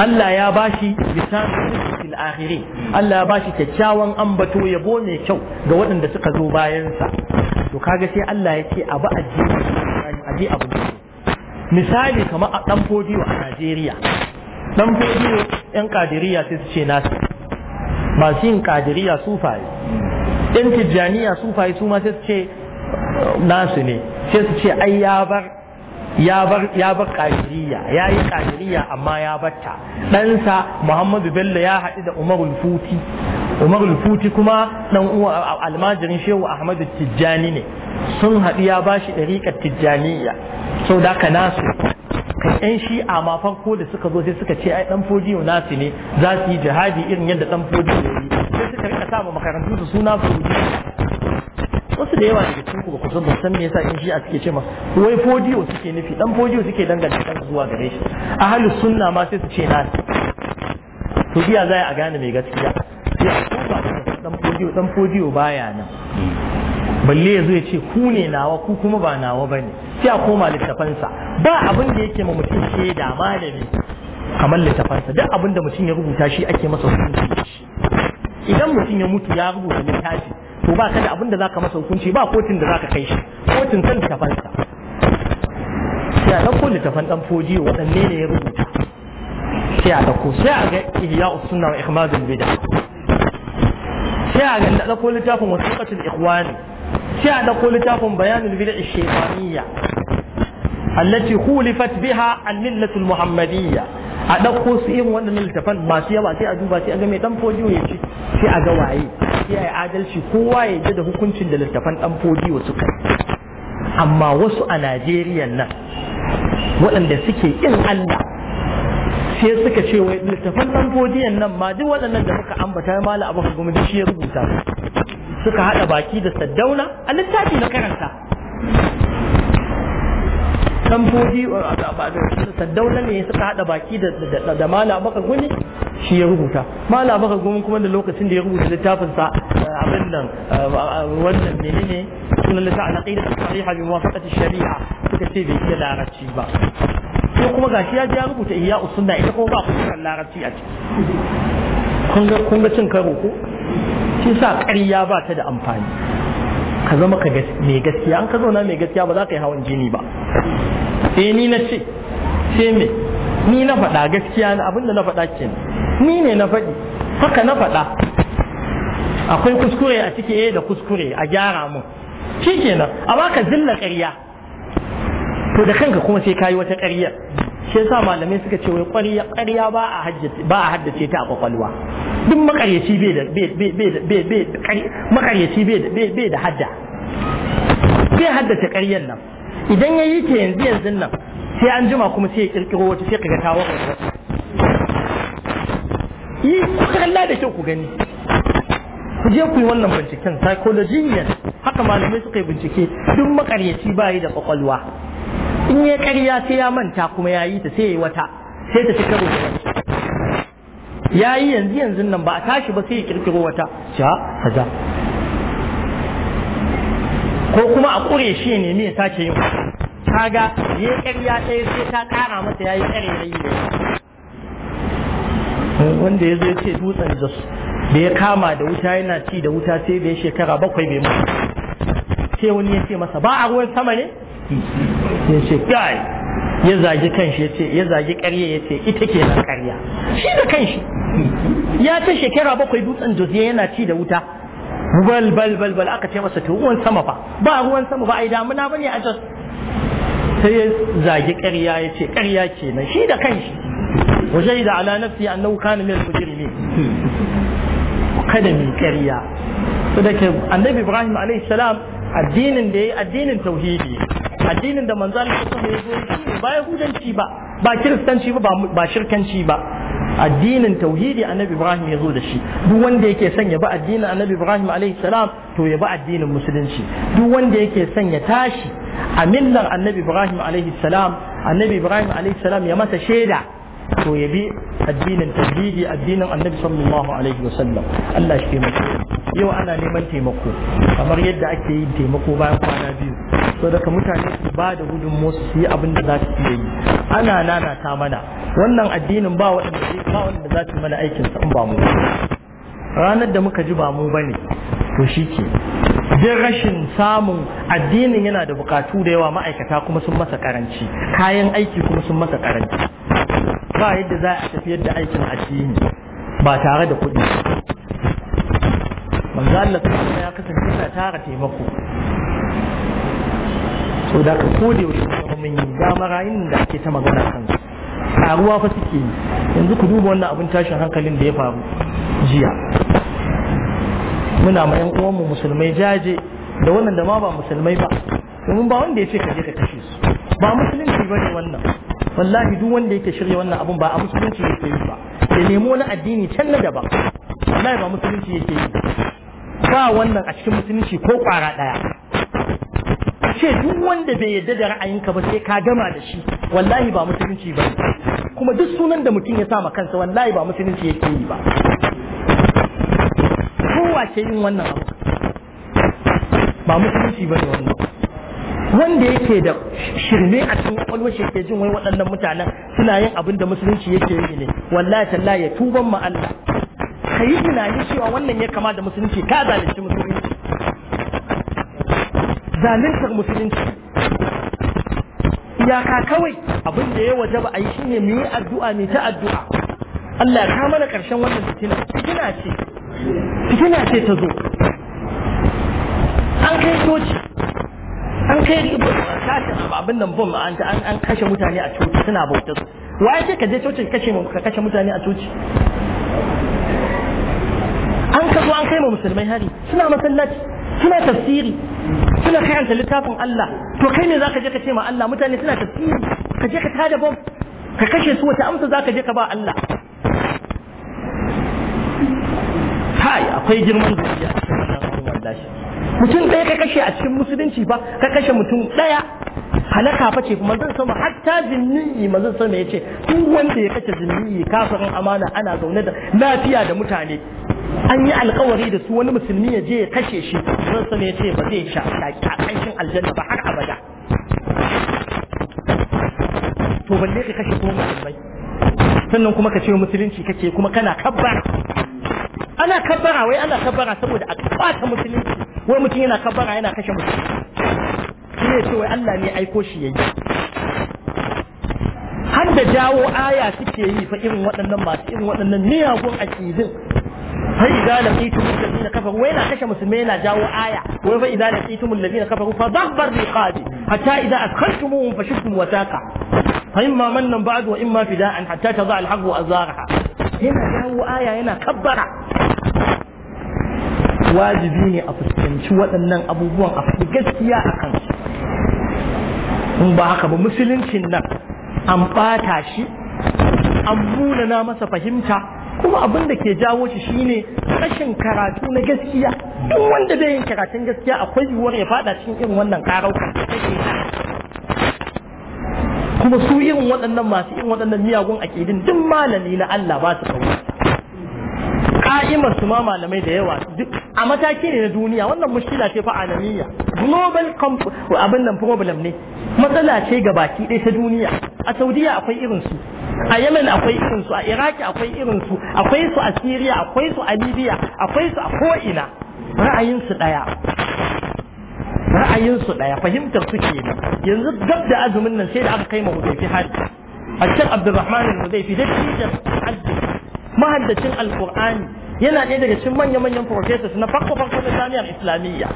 Allah ya bashi lisan fil akhirin Allah ya bashi kyakkyawan ambato yabo mai kyau ga waɗanda suka zo bayansa to kaga sai Allah ya ce abu addini ji abu su misali kamar a dan fodiyo a Najeriya dan fodiyo yan kadiriya sai su ce nasu masu yin kadiriya sufaye yan tijjaniya sufaye su ma sai su ce nasu ne sai su ce ai ya bar ya bar ya bar kadiriya ya yi kadiriya amma ya batta ɗansa Muhammadu Bello ya haɗu da Umarul Futi Umarul Futi kuma dan uwa almajirin Shehu Ahmadu Tijjani ne sun haɗu ya ba shi ɗariƙar tijjaniya sau da ka nasu yan shi'a ma farko da suka zo sai suka ce ai dan fodiyo nasu ne za su yi jihadi irin yadda dan fodiyo ya yi sai suka rika sa makarantu su suna fodiyo wasu da yawa daga cikin ku ba ku san san me yasa yan shi'a suke ce ma wai fodiyo suke nufi dan fodiyo suke dangane kan zuwa gare shi ahlus sunna ma sai su ce nasu to biya za a gane mai gaskiya sai a kuma dan fodiyo dan fodiyo baya nan balle ya zo ya ce ku ne nawa ku kuma ba nawa bane sai a koma littafansa ba abin da yake ma mutum shaida malami kamar littafansa duk abin da mutum ya rubuta shi ake masa hukunci idan mutum ya mutu ya rubuta littafi to ba ka da abin da zaka masa hukunci ba kotun da zaka kai shi kotun san littafansa sai a ɗauko littafan ɗan fojiyo waɗanne ne ya rubuta sai a ɗauko sai a ga ihya usunna wa ihmadul bid'a sai a ga dauko littafin wasu wasiqatul ikhwani sai a ɗauko littafin bayanul bid'a shaytaniyya allati khulifat biha al-millatu al-muhammadiyya a ɗauko su irin wannan littafan masu yawa sai a duba sai a ga mai dan fodiyo ya ci sai a ga waye sai a yi adalci kowa ya ji da hukuncin da littafan dan fodiyo suka amma wasu a Najeriya nan waɗanda suke in Allah sai suka ce wai littafan dan fodiyan nan ma duk waɗannan da muka ambata mala abu gumi shi ya rubuta su suka haɗa baki da saddauna a littafi na karanta kamfodi saddauna ne suka haɗa baki da mala baka guni shi ya rubuta mala baka guni kuma da lokacin da ya rubuta littafinsa abin nan wannan menene sunan littafin aqida sahiha bi muwafaqati shari'a suka ce bai iya larabci ba ko kuma gashi ya ji ya rubuta iya usunna ita kuma ba kusuran larabci a ciki kun ga cin karo ko shi sa ƙarya ba ta da amfani ka zama ka mai gaskiya an ka zauna mai gaskiya ba za ka yi hawan jini ba sai eh, ni na ce sai me ni na faɗa gaskiya na abinda na faɗa ke ni ne na faɗi haka na faɗa akwai kuskure a ciki eh da kuskure a gyara mu shi kenan a ka zilla ƙarya to da kanka kuma sai ka yi wata ƙaryar shi yasa malamai suka ce wai ƙwarya ƙarya ba a haddace ba a haddace ta a kwakwalwa duk makaryaci bai da bai bai bai makaryaci bai da bai da hadda bai haddace ƙaryan nan idan ya yi ta yanzu yanzu nan sai an jima kuma sai ya kirkiro wata sai kaga tawo yi kuka kalla da kyau ku gani ku je ku yi wannan binciken psychology haka malamai suka yi bincike duk makaryaci ba yi da kwakwalwa in ya karya sai ya manta kuma ya yi ta sai ya yi wata sai ta ci karo ya yi yanzu yanzu nan ba a tashi ba sai ya kirkiro wata ja kaza ko kuma a ƙure shi ya nemi ya sake yin kaga ya karya ɗaya sai ta ƙara masa ya yi tsare ya yi wanda ya zo ya ce dutsen da da ya kama da wuta yana ci da wuta sai da ya shekara bakwai bai mutu sai wani ya ce masa ba a ruwan sama ne Yace kai ya zagi kanshi ya ce ya zagi ƙarya ya ce ita ke nan ƙarya shi da kanshi ya ta shekara bakwai dutsen dutse yana ci da wuta bal bal bal bal aka ce masa to ruwan sama ba ba ruwan sama ba ai damuna bane a jos sai ya zagi ƙarya ya ce ƙarya kenan shi da kanshi wajen da ala nafsi annahu kana min al-mujrimin kada mu ƙarya saboda annabi Ibrahim alaihi salam addinin da yayi addinin tauhidi addinin da manzo Allah sallallahu alaihi wasallam ya zo ba yahudanci ba ba kiristanci ba ba shirkanci ba addinin tauhidi annabi ibrahim ya zo da shi duk wanda yake son ya bi addinin annabi ibrahim alaihi salam to ya bi addinin musulunci duk wanda yake son ya tashi a millar annabi ibrahim alaihi salam annabi ibrahim alaihi salam ya masa shaida to ya bi addinin tauhidi addinin annabi sallallahu alaihi wasallam Allah shi ke mutunta yau ana neman taimako kamar yadda ake yin taimako bayan kwana biyu so daga mutane su ba da gudun su yi abin da za su iya yi ana nanata mana wannan addinin ba waɗanda wanda za su mana aikin sa ba mu ranar da muka ji ba mu bane to shi ke jin rashin samun addinin yana da bukatu da yawa ma'aikata kuma sun masa karanci kayan aiki kuma sun masa karanci ba yadda za a tafi yadda aikin addini ba tare da kuɗi manzo Allah kuma ya kasance yana tara taimako to da ka ko da yaushe kuma mun yi ga marayin da ake ta magana kan taruwa fa suke yanzu ku duba wannan abin tashin hankalin da ya faru jiya muna ma yan uwanmu musulmai jaje da wannan da ma ba musulmai ba domin ba wanda ya ce ka je ka kashe su ba musulunci ba ne wannan wallahi duk wanda yake shirya wannan abun ba a musulunci yake yi ba ya nemo wani addini can na daban wallahi ba musulunci yake yi ba wannan a cikin musulunci ko kwara daya ce duk wanda bai yadda da ra'ayinka ba sai ka gama da shi wallahi ba musulunci ba kuma duk sunan da mutum ya sama kansa wallahi ba musulunci yake yi ba kowa ke yin wannan abu ba musulunci ba ne wannan wanda yake da shirme a cikin kwakwalwar shi ke jin wai waɗannan mutanen suna yin abin da musulunci yake yi ne wallahi tallahi ya tuban ma Allah ka yi tunani cewa wannan ya kama da musulunci ka zalunci musulunci zaluntar musulunci iyaka kawai abin da ya waje ba a yi shine mu yi addu'a me ta addu'a Allah ya kama da karshen wannan fitina fitina ce fitina ce ta zo an kai coci an kai kashe abin nan bom an an kashe mutane a coci suna bautar Wa waye ce ka je coci ka kashe mutane a coci an ka zo an kai ma musulmai hari suna masallaci suna tafsiri suna karanta littafin Allah to kai ne zaka je ka ce ma Allah mutane suna tafsiri ka je ka tada bom ka kashe su wata amsa zaka je ka ba Allah kai akwai girman zuciya a cikin wannan wallahi mutum ɗaya ka kashe a cikin musulunci ba ka kashe mutum ɗaya halaka fa ce manzon sama hatta jinni'i manzon sama yace duk wanda ya kace jinni'i kafirin amana ana zaune da lafiya da mutane an yi alkawari da su wani musulmi ya je ya kashe shi zan sama ya ce ba zai sha kanshin aljanna ba har abada to balle ka kashe kuma musulmai sannan kuma ka ce musulunci kake kuma kana kabbara ana kabbara wai ana kabbara saboda a kwata musulunci wai mutum yana kabbara yana kashe musulunci shi ne ce wai Allah ne aiko shi yayi har da jawo aya suke yi fa irin waɗannan masu irin waɗannan miyagun aƙidin fa idza laqitum alladhina kafaru wa yana kashe musulmai yana jawo aya wa fa idza laqitum alladhina kafaru fa dabbar riqabi hatta idza adkhaltumuhum fashudtum wataqa fa imma mannan ba'd wa imma fida'an hatta tadha alhaqu azaraha yana jawo aya yana kabbara wajibi ne a fuskanci waɗannan abubuwan a faɗi gaskiya a kansu in ba haka ba musuluncin nan an ɓata shi an munana masa fahimta kuma abin da ke jawo shi shine rashin karatu na gaskiya duk wanda bai yin karatun gaskiya akwai yiwuwar ya fada cikin irin wannan karauka kuma su irin waɗannan masu irin waɗannan miyagun din, duk malami na Allah ba su kawo ka'imar su ma malamai da yawa duk a mataki ne na duniya wannan mushkila ce fa alamiya global abin nan problem ne matsala ce ga baki ɗaya ta duniya a saudiya akwai irin su a yemen akwai irin su a iraki akwai irin su akwai su a syria akwai su a libya akwai su a ko'ina ra'ayin su ɗaya ra'ayin su ɗaya fahimtar su ke yanzu gab da azumin nan sai da aka kai ma fi hajji a cikin abdulrahman al fi da shi da mahaddacin alkur'ani yana ɗaya daga cikin manya-manyan professors na farko farko na jami'ar islamiyya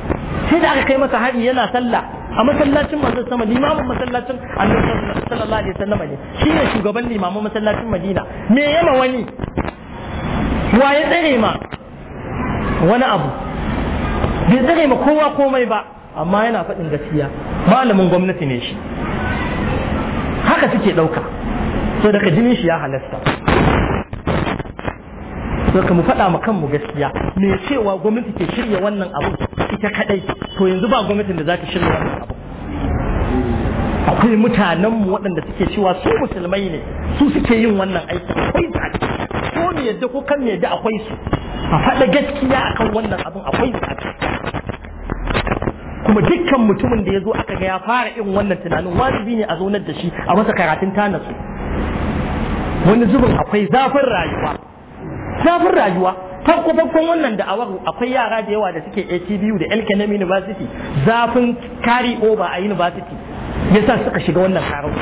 sai da aka kai masa hari yana sallah a masallacin manzon sama limamin masallacin annabi sallallahu alaihi wasallam ne shi ne shugaban limamin masallacin madina me yama wani wa ya tsare ma wani abu bai tsare ma kowa komai ba amma yana faɗin gaskiya malamin gwamnati ne shi haka suke ɗauka so daga jinin shi ya halasta saka mu faɗa ma kanmu gaskiya me cewa gwamnati ke shirya wannan abu ita kadai to yanzu ba gwamnatin da za ta shirya wannan abu akwai mutanenmu waɗanda suke cewa su musulmai ne su suke yin wannan aiki akwai su ko ne yadda ko kan ne yadda akwai su a faɗa gaskiya akan wannan abun akwai su kuma dukkan mutumin da ya zo aka ga ya fara irin wannan tunanin wajibi ne a zaunar da shi a masa karatun tanasu wani zubin akwai zafin rayuwa zafin rayuwa farko farkon wannan da'awar akwai yara da yawa da suke ATBU da Elkanemi University zafin carry over a university yasa suka shiga wannan taron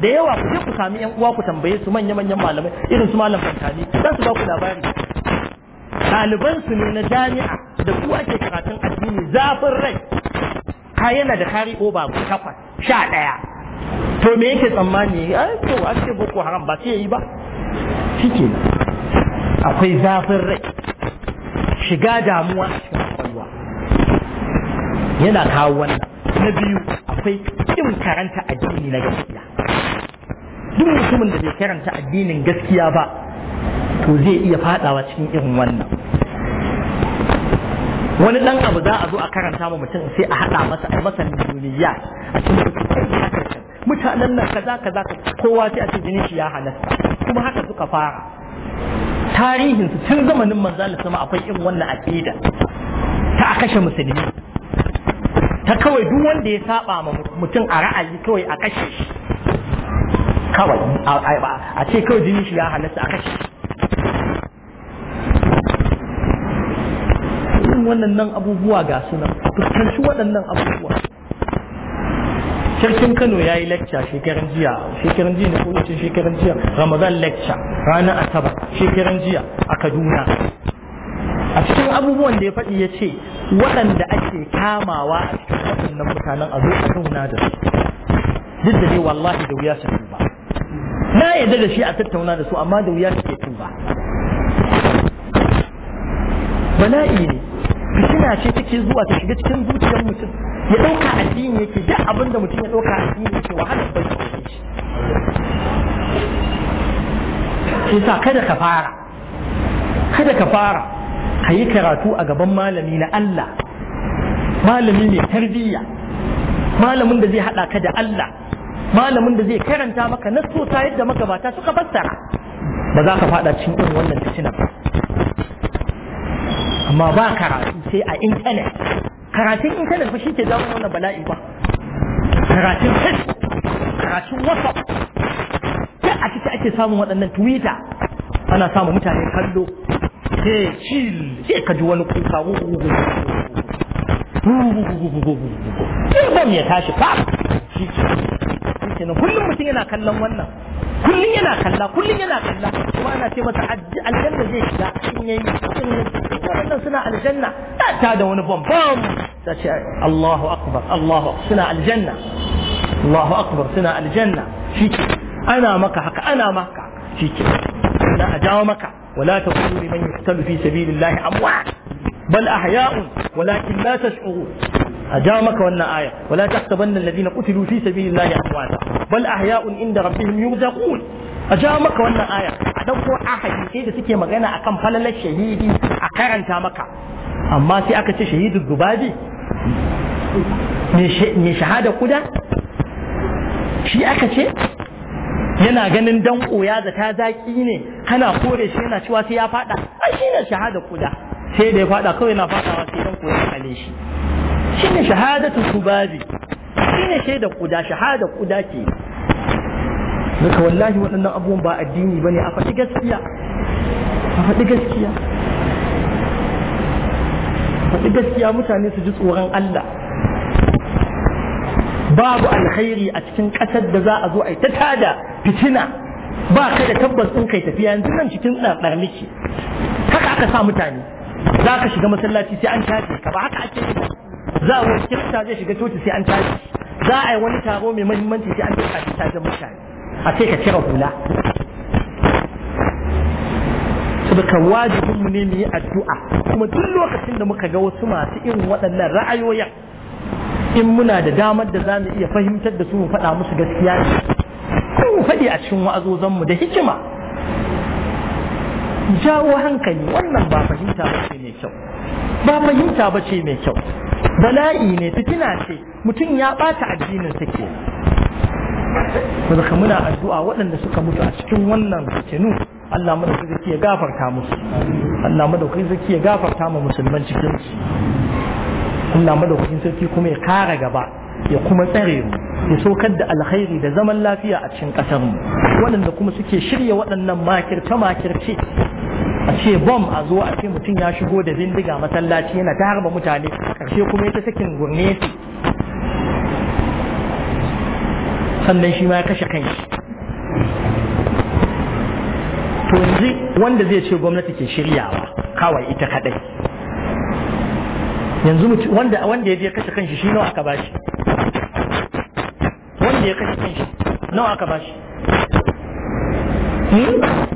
da yawa ku je ku sami yan uwa ku tambaye su manya manyan malamai irin su malam fantani za su ba ku labari taliban su ne na jami'a da su ake karatun addini zafin rai ka yana da kari oba takwas sha ɗaya to me yake tsammani ai to a boko haram ba sai yi ba shikenan akwai zafin rai shiga damuwa a cikin kwakwalwa yana kawo wannan na biyu akwai kin karanta addini na gaskiya duk mutumin da bai karanta addinin gaskiya ba to zai iya fadawa cikin irin wannan wani dan abu za a zo a karanta ma mutum sai a hada masa a masa duniya a cikin mutanen nan kaza kaza kowa sai a ce jinin shi ya halasta kuma haka suka fara tarihin su tun zamanin manzo Allah sama akwai irin wannan aqida ta kashe musulmi ta kawai duk wanda ya saba ma mutum a ra'ayi kawai a kashe shi kawai a ce kawai jini shi ya halatta a kashe irin wannan abubuwa ga sunan fuskanci waɗannan abubuwa sarkin kano ya yi lecture shekaran jiya shekaran jiya ne ko wace shekaran jiya ramadan lecture ranar asabar shekaran jiya a kaduna a cikin abubuwan da ya faɗi ya ce waɗanda ake kamawa a cikin waɗannan mutanen a zo a zauna da su duk da dai wallahi da wuya su tuba na yadda da shi a tattauna da su amma da wuya ke tuba bala'i ne fitina ce take zuwa ta shiga cikin zuciyar mutum ya ɗauka addini yake duk abin da mutum ya ɗauka addini yake wahalar bai su shi shi sa kada ka fara kada ka fara ka yi karatu a gaban malami na Allah malami mai tarbiyya malamin da zai haɗa ka da Allah malamin da zai karanta maka nasosa yadda magabata suka fassara ba za ka faɗa cikin irin wannan fitina ba amma ba karatu sai a intanet karatun intanet ba shi ke jawo wannan bala'i ba karatun facebook karatun whatsapp ta a ciki ake samun waɗannan twitter ana samun mutane kallo ke chill sai ka ji wani kuka bom ya kullum mutum yana kallon wannan kullum yana kalla kullum yana kalla kuma ana ce masa aljanna zai shiga in yayi wannan suna aljanna ta ta da wani bambam ta ce Allahu akbar Allahu suna aljanna Allahu akbar suna aljanna shike ana maka haka ana maka shike na a jawo maka wala taqulu liman yuqtalu fi sabilillahi amwat bal ahya'un walakin la tash'urun a ja maka wannan aya wala tahsabanna alladhina qutilu fi sabilillahi amwata bal ahya'un inda rabbihim yurzaqun a ja maka wannan aya a dauko ahadisi da suke magana akan falalar shahidi a karanta maka amma sai aka ce shahidu gubabi ne shahada kuda shi aka ce yana ganin dan koya da ta zaki ne kana kore shi yana cewa sai ya fada ai ne shahada kuda sai da ya fada kawai yana fadawa sai dan koya kale shi shine shahadatu subabi shine shaida kuda shahada kuda ke Daga wallahi waɗannan abubuwan ba addini bane a faɗi gaskiya a faɗi gaskiya faɗi gaskiya mutane su ji tsoron Allah babu alkhairi a cikin ƙasar da za a zo a yi ta tada fitina ba ka da tabbas ɗin kai tafiya yanzu nan cikin tsarɗar nake haka aka sa mutane za ka shiga masallaci sai an tashi ka ba haka ake yi za a wani kirista zai shiga coci sai an tashi za a yi wani taro mai mahimmanci sai an tashi tashin mutane a sai ka cire hula saboda wajibin mu ne mu yi addu'a kuma duk lokacin da muka ga wasu masu irin waɗannan ra'ayoyin in muna da damar da za mu iya fahimtar da su mu faɗa musu gaskiya ko mu faɗi a cikin wa'azozan mu da hikima jawo hankali wannan ba fahimta ba ce mai kyau ba fahimta ba ce mai kyau bala'i ne fitina ce mutum ya bata addinin sa ke muna addu'a waɗanda suka mutu a cikin wannan fitinu Allah madaukai zaki ya gafarta musu Allah madaukai zaki ya gafarta ma musulman cikin su Allah madaukakin sarki kuma ya kara gaba ya kuma tsare mu ya saukar da alkhairi da zaman lafiya a cikin ƙasar mu waɗanda kuma suke shirya waɗannan makirce makirce a ce bom a zo a ce mutum ya shigo da bindiga masallaci yana ta harba mutane karshe kuma ita sakin gurne su sannan shi ma ya kashe kanshi to yanzu wanda zai ce gwamnati ke shiryawa kawai ita kadai yanzu wanda wanda ya je kashe kanshi shi nawa aka bashi wanda ya kashe kanshi nawa aka bashi hmm?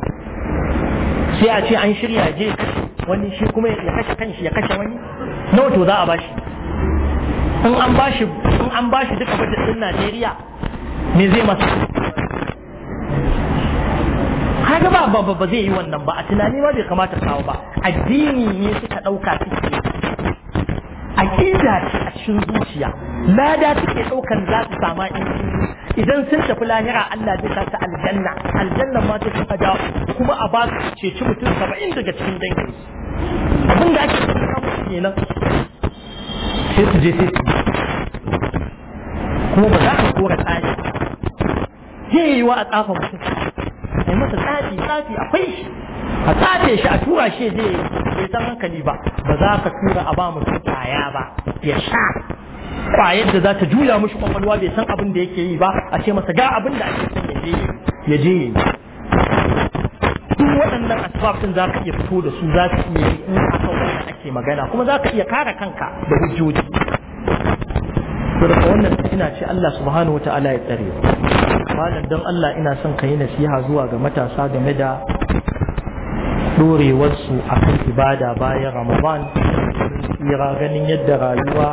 sai a ce an shirya je wani shi kuma ya kashe kanshi ya kashe wani nawa to za a bashi in an bashi in an bashi duka budget din Najeriya me zai masa kaga ba ba zai yi wannan ba a tunani ma bai kamata kawo ba addini ne suka dauka suke aqida ce a cikin zuciya lada suke daukan za su sama in idan sun tafi lahira Allah zai sa ta aljanna aljanna ma ta tafi da kuma a ba su ceci mutum 70 daga cikin dangin abin da ake samu kenan sai su je sai su kuma ba za ka kora tsari zai yi wa a tsafa mutum ai masa tsafi tsafi akwai shi a tsafe shi a tura shi zai bai san hankali ba ba za ka tura a ba mutum kaya ba ya sha kwayar da za ta juya mushi kwakwalwa bai san abin da yake yi ba a ce masa ga abin da ake son ya je ya je duk waɗannan asbabin za ka iya fito da su za su iya in aka wannan ake magana kuma za ka iya kare kanka da hujjoji saboda wannan ina ce Allah subhanahu wa ta'ala ya tsare malam don Allah ina son ka yi nasiha zuwa ga matasa game da dorewarsu a kan ibada bayan ramadan tsira ganin yadda rayuwa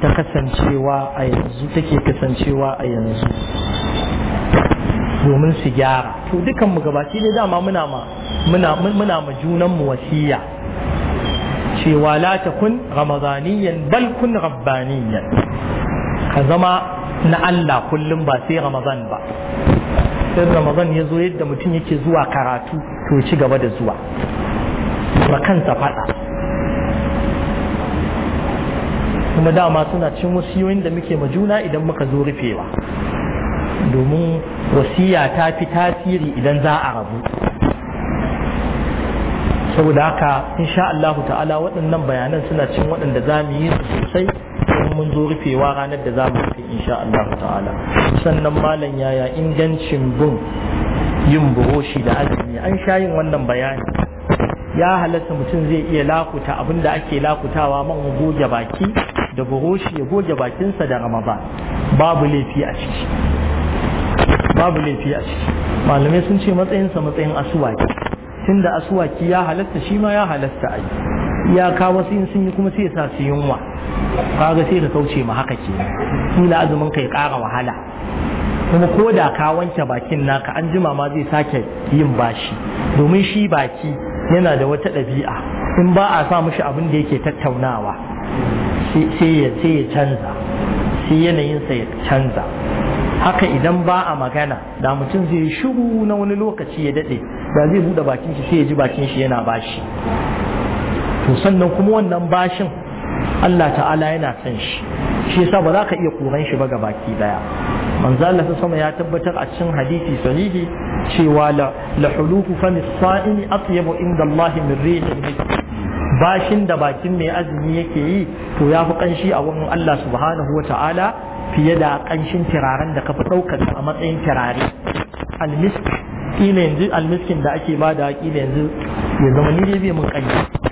ta kasancewa a yanzu take kasancewa a yanzu domin su gyara to dukan mu gabaci ne dama muna ma muna muna ma junan mu wasiya cewa la takun ramadaniyan bal kun rabbaniyan ka zama na Allah kullum ba sai ramadan ba sai ramadan ya zo yadda mutum yake zuwa karatu to ci gaba da zuwa ba kansa faɗa kuma dama suna cin wasiyoyin da muke ma juna idan muka zo rufewa domin wasiya ta fi tasiri idan za a rabu saboda haka insha Allah ta'ala waɗannan bayanan suna cin waɗanda za mu yi sosai mun zo rufewa ranar da za mu rufe insha Allah ta'ala sannan malam yaya ingancin bin yin buroshi da azumi an sha yin wannan bayani ya halatta mutum zai iya lakuta abinda ake lakutawa man goge baki da buroshi ya goge bakinsa da ramaba babu laifi a ciki babu laifi a ciki malamai sun ce matsayinsa matsayin asuwaki tunda asuwaki ya halatta shi ma ya halatta a yi iyaka wasu in sun yi kuma sai sa su yunwa kaga sai ka kauce ma haka ke kila azumin ka ya ƙara wahala kuma ko da ka wanke bakin naka an jima ma zai sake yin bashi domin shi baki yana da wata ɗabi'a in ba a sa mushi abin da yake tattaunawa sai ya canza sai yanayinsa ya canza haka idan ba a magana da mutum zai yi shiru na wani lokaci ya daɗe da zai buɗe bakin shi sai ya ji bakin shi yana bashi to sannan kuma wannan bashin Allah ta'ala yana son shi shi yasa ba za ka iya koran shi ba gabaki daya manzo Allah sama ya tabbatar a cikin hadisi sahihi cewa la la huluku fami sa'imi atyabu inda Allah min rihi bashin da bakin mai azumi yake yi to yafi fi kanshi a wurin Allah subhanahu wa ta'ala fiye da kanshin tiraren da ka fi daukar a matsayin tirare. almisk kila yanzu almiskin da ake bada kila yanzu ya zama ni dai bai mun kanshi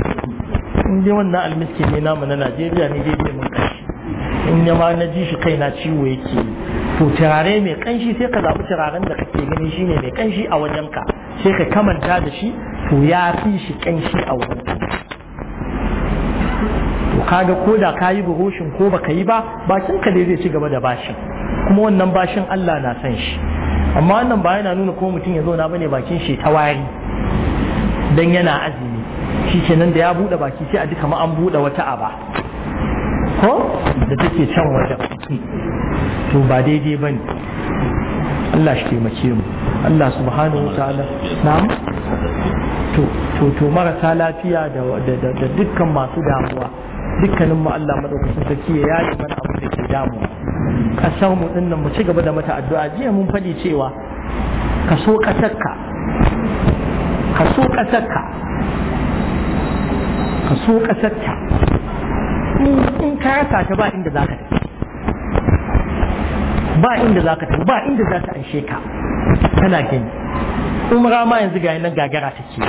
in dai wannan almiski ne namu na najeriya ne zai mun kashi in ya ma na ji shi kai na ciwo yake to turare mai kanshi sai ka zaɓi turaren da kake gani ne mai kanshi a wajen ka sai ka kamanta da shi to ya fi shi kanshi a ka to kaga ko da ka yi buroshin ko baka yi ba bakin ka dai zai ci gaba da bashin kuma wannan bashin Allah na san shi amma wannan ba yana nuna ko mutum ya zauna bane bakin shi ta wari dan yana azumi shi kenan da ya buɗe baki sai a ji kamar an buɗe wata aba ko da take can wajen to ba daidai ba ne Allah shi taimake mu Allah subhanahu wa ta'ala na'am to to to marasa lafiya da da dukkan masu damuwa dukkanin mu Allah madaukakin sarki ya yi mana abu da ke damu kasar mu din nan mu ci gaba da mata addu'a jiya mun faɗi cewa ka so kasarka ka so kasarka ka so ƙasarta in ka rasa ta ba inda za ka tafi ba inda za ka tafi ba inda za ta anshe ka tana gani umra ma yanzu ga nan gagara ce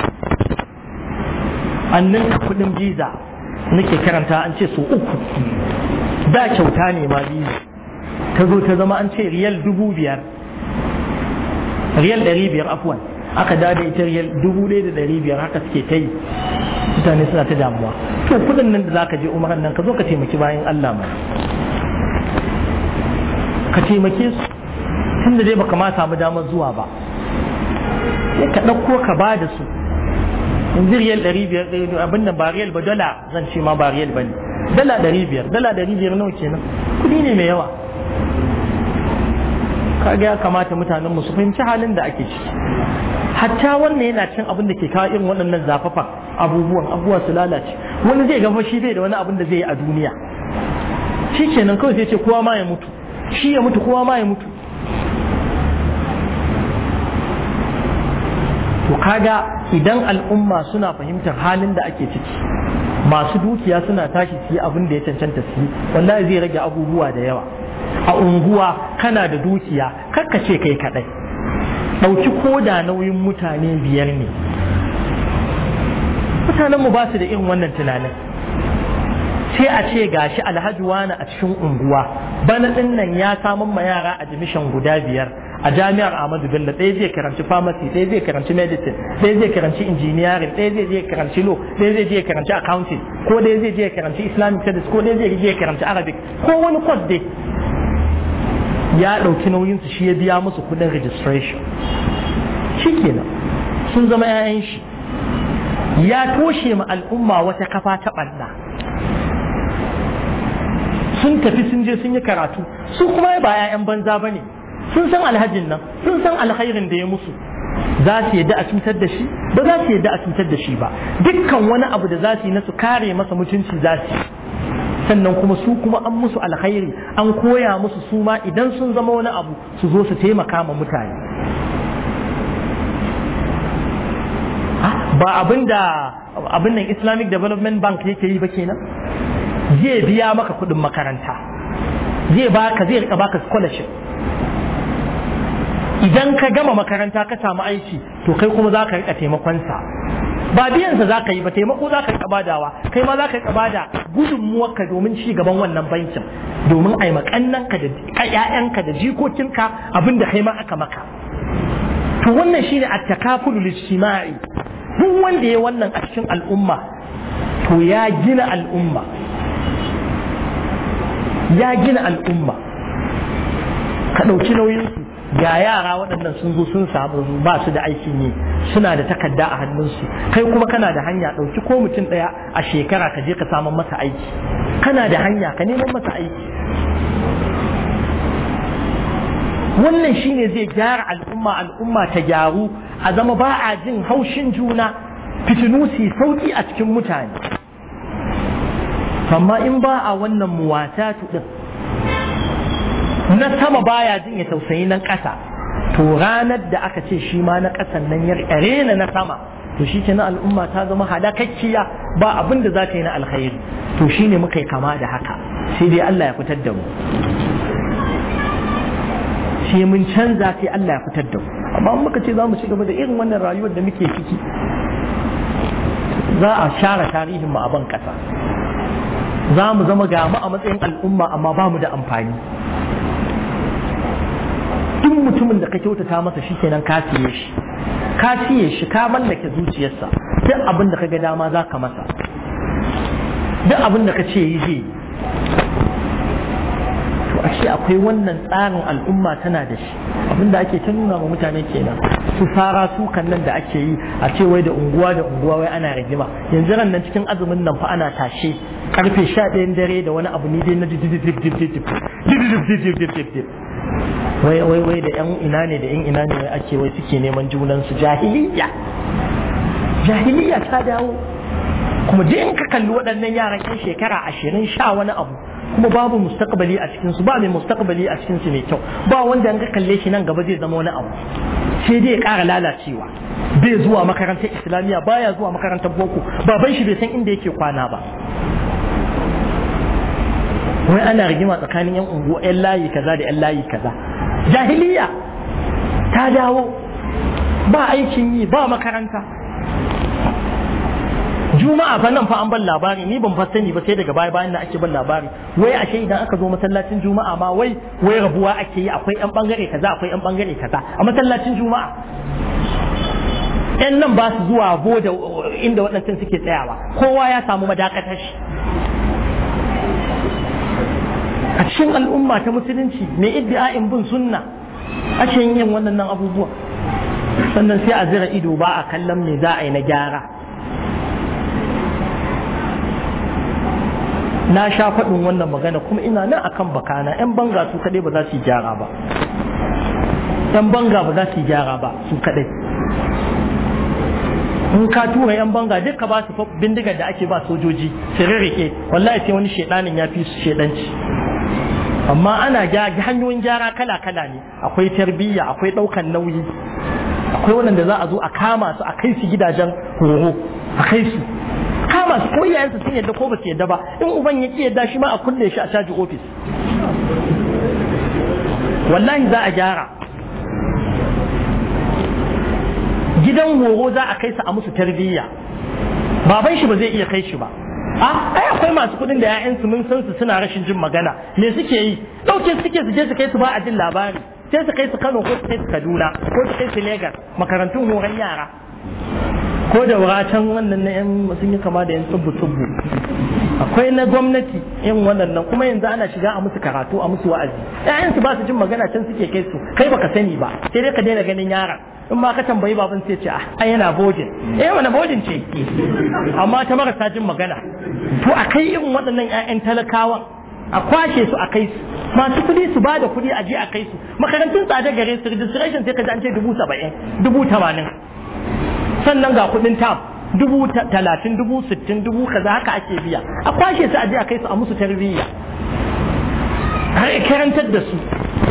annan ka kudin biza nake karanta an ce so uku da kyauta ne ma biza ta zo ta zama an ce riyal dubu biyar riyal ɗari biyar afuwan aka dada ita riyal dubu ɗaya da ɗari biyar haka suke ta yi mutane suna ta damuwa to kudin nan da za ka je umaran nan ka zo ka taimaki bayan Allah ma ka taimake su tun da dai baka ma samu damar zuwa ba sai ka ɗauko ka ba da su yanzu riyal ɗari biyar eh, abin nan ba riyal ba dala zan ce ma ba riyal ba ne dala ɗari biyar dala ɗari biyar nawa kenan kuɗi ne mai yawa kaga ya kamata mutanen su fahimci halin da ake ciki hatta wannan yana cin abin da ke kawo irin waɗannan zafafan abubuwan abubuwa su lalace wani zai gama shi bai da wani abin da zai yi a duniya shi kenan kawai sai ce kowa ma ya mutu shi ya mutu kowa ma ya mutu to kaga idan al'umma suna fahimtar halin da ake ciki masu dukiya suna tashi su yi abin da ya cancanta su yi wallahi zai rage abubuwa da yawa a unguwa kana da dukiya kakka ce kai kadai ɗauki koda nauyin mutane biyar ne mutanenmu ba su da irin wannan tunanin sai a ce gashi alhaji wani a cikin unguwa bana din nan ya samun ma yara a admission guda biyar a jami'ar Ahmadu Bello ɗaya zai karanci pharmacy ɗaya zai karanci medicine ɗaya zai karanci engineering ɗaya zai je karanci law ɗaya zai je karanci accounting ko ɗaya zai je karanci islamic studies ko ɗaya zai je karanci arabic ko wani course dai ya ɗauki nauyinsu shi ya biya musu kuɗin registration shi kenan sun zama 'ya'yan shi ya toshe ma al'umma wata kafa ta ɓanna sun tafi sun je sun yi karatu su kuma ba 'ya'yan banza ba ne sun san alhajin nan sun san alkhairin da ya musu za su yadda a cutar da shi ba za su yadda a cutar da shi ba dukkan wani abu da za su yi na su kare masa mutunci za su yi sannan kuma su kuma an musu alkhairi an koya musu su ma idan sun zama wani abu su zo su taimaka ma mutane ah, ba abin da abin nan islamic development bank yake yi ba kenan zai biya maka kudin makaranta zai baka zai rika baka scholarship idan ka gama makaranta ka samu aiki to kai kuma za ka rika taimakonsa ba biyansa za ka yi ba taimako za ka yi kabadawa kai ma za ka yi kabada gudunmuwarka domin ci gaban wannan bankin domin a yi da ƴaƴanka da jikokinka abinda kai ma aka maka to wannan ne at-takafulu lijtima'i duk wanda ya wannan a cikin al'umma to ya gina al'umma ya gina al'umma ka ɗauki nauyinsu ga yara waɗannan sun zo sun samu ba su da aikin ne suna da takarda a hannunsu kai kuma kana da hanya ɗauki ko mutum ɗaya a shekara ka je ka samun masa aiki kana da hanya ka neman masa aiki wannan shine zai gyara al'umma al'umma ta gyaru a zama ba a jin haushin juna fitinu su sauki a cikin mutane amma in ba a wannan muwatatu ɗin na sama baya jin ya tausayi nan ƙasa to ranar da aka ce shi ma na ƙasan nan ya rena na sama to shi na al'umma ta zama halakakkiya ba abin da za ta yi na alkhairi to shi ne muka yi kama da haka sai dai Allah ya fitar da mu sai mun canza sai Allah ya fitar da mu amma muka ce za mu ci gaba da irin wannan rayuwar da muke ciki za a share tarihin mu a ban ƙasa za mu zama gamu a matsayin al'umma amma ba mu da amfani duk mutumin da ka kyautata masa shi kenan ka siye shi ka siye shi ka mallake zuciyarsa duk abin da ka ga dama za ka masa duk abin da ka ce yi zai to a ce akwai wannan tsarin al'umma tana da shi abin da ake ta nuna ma mutane kenan su fara sukan nan da ake yi a ce wai da unguwa da unguwa wai ana rigima yanzu ran nan cikin azumin nan fa ana tashe karfe 11 dare da wani abu ne dai na dip wai wai wai da yan ina ne da yan ina ne wai ake wai suke neman junan jahiliya jahiliya ta dawo kuma duk in ka kalli waɗannan yaran yan shekara ashirin sha wani abu kuma babu mustaqbali a cikin su ba mai mustaqbali a cikin su mai kyau ba wanda an ka kalle shi nan gaba zai zama wani abu sai dai ya ƙara lalacewa bai zuwa makarantar islamiyya baya zuwa makarantar boko baban shi bai san inda yake kwana ba wai ana rigima tsakanin yan unguwa yan layi kaza da yan layi kaza jahiliya ta dawo ba aikin yi ba makaranta juma'a fa nan fa an ban labari ni ban ni ba sai daga baya bayan da ake ban labari wai ashe idan aka zo masallacin juma'a ma wai wai rabuwa ake yi akwai yan bangare kaza akwai yan bangare kaza a masallacin juma'a yan nan ba su zuwa boda inda waɗancan suke tsayawa kowa ya samu madakatar shi a cikin al'umma ta musulunci mai iddi'a'in bin sunna a cikin yin wannan abubuwa sannan sai a zira ido ba a kallon me za a yi na gyara na sha faɗin wannan magana kuma ina nan akan bakana 'yan banga su kaɗai ba za su yi gyara ba 'yan banga ba za su yi gyara ba su kaɗai in ka tura 'yan banga duk ka ba su bindigar da ake ba sojoji su rirrike wallahi sai wani shaidanin ya fi su shaidanci amma ana hanyoyin gyara kala-kala ne akwai tarbiyya akwai ɗaukan nauyi akwai waɗanda za a zo a kama su a kai su gidajen horo a kai su kama su ko su sun yadda ko ba su yadda ba in uban ya ki yadda shi ma a kulle shi a caji ofis wallahi za a gyara gidan horo za a kai su a musu tarbiyya baban shi ba zai iya kai shi ba a ai akwai masu kuɗin da 'ya'yansu mun san su suna rashin jin magana me suke yi ɗauke suke su je su kai su ba a jin labari sai su kai su Kano ko su kai su Kaduna ko su kai su Lagos makarantun horon yara ko da wuracen wannan na yan sun yi kama da yan tubu tubu akwai na gwamnati yan wannan kuma yanzu ana shiga a musu karatu a musu wa'azi ƴaƴansu ba su jin magana can suke kai su kai baka sani ba sai dai ka daina ganin yaran in ma ka tambayi baban sai ce a ah, yana bojin eh wani bojin ce amma ta marasa jin magana to a kai irin waɗannan 'ya'yan talakawan a kwashe su a kai su masu kuɗi su ba da kuɗi a je a kai su makarantun tsada gare su registration sai ka ji an ce dubu saba'in dubu tamanin sannan ga kuɗin tam dubu talatin dubu sittin dubu kaza haka ake biya a kwashe su a je a kai su a musu tarbiyya har karantar da su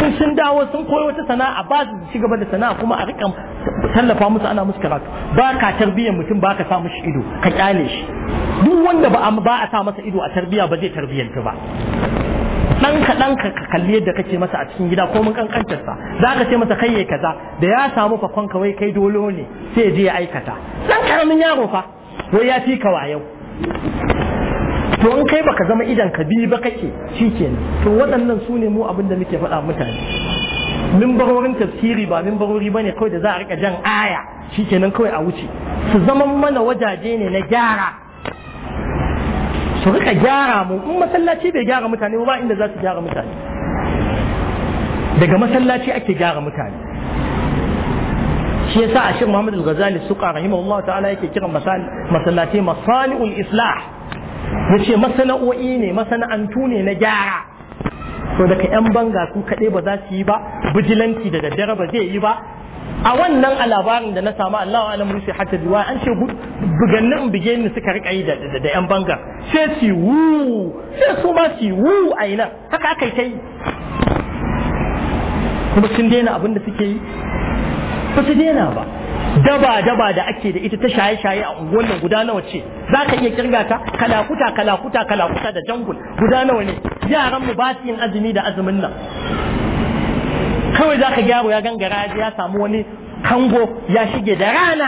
in sun dawo sun koyi wata sana'a ba su ci gaba da sana'a kuma a rika tallafa musu ana musu karatu ba ka tarbiyyar mutum ba ka sa mishi ido ka kyale shi duk wanda ba a sa masa ido a tarbiyya ba zai tarbiyyanta ba dan ka dan ka kalli yadda kake masa a cikin gida ko mun kankantar sa za ka ce masa kai yayi kaza da ya samu fakon wai kai dolo ne sai je ya aikata dan karamin yaro fa wai ya fi ka wayo to in kai baka zama idan ka bi ba kake shikenan to waɗannan su ne mu abin da muke faɗa mutane mimbarorin tafsiri ba mimbarori bane kawai da za a rika jan aya shikenan kawai a wuce su zaman mana wajaje ne na gyara su rika gyara mu in masallaci bai gyara mutane ba inda za su gyara mutane daga masallaci ake gyara mutane shi yasa a shirin Muhammad al-Ghazali suka rahimahullah ta'ala yake kiran masallaci masali'ul islah ya ce masana'o'i ne masana'antu ne na gyara so daga 'yan banga su kaɗai ba za su yi ba Bijilanti da daddare ba zai yi ba a wannan alabarin da na samu Allah alam rushe hatta zuwa an ce bugannin bige ni suka rika yi da yan banga sai su wu sai su ma su wu a nan haka aka yi kuma sun daina abin da suke yi ba su daina ba daba daba da ake da ita ta shaye shaye a unguwar guda nawa ce za ka iya kirga ta kalakuta kalakuta kalakuta da jangul guda nawa ne yaran mu ba su yin azumi da azumin nan kawai za ka gyaro ya gangara ya samu wani kango ya shige da rana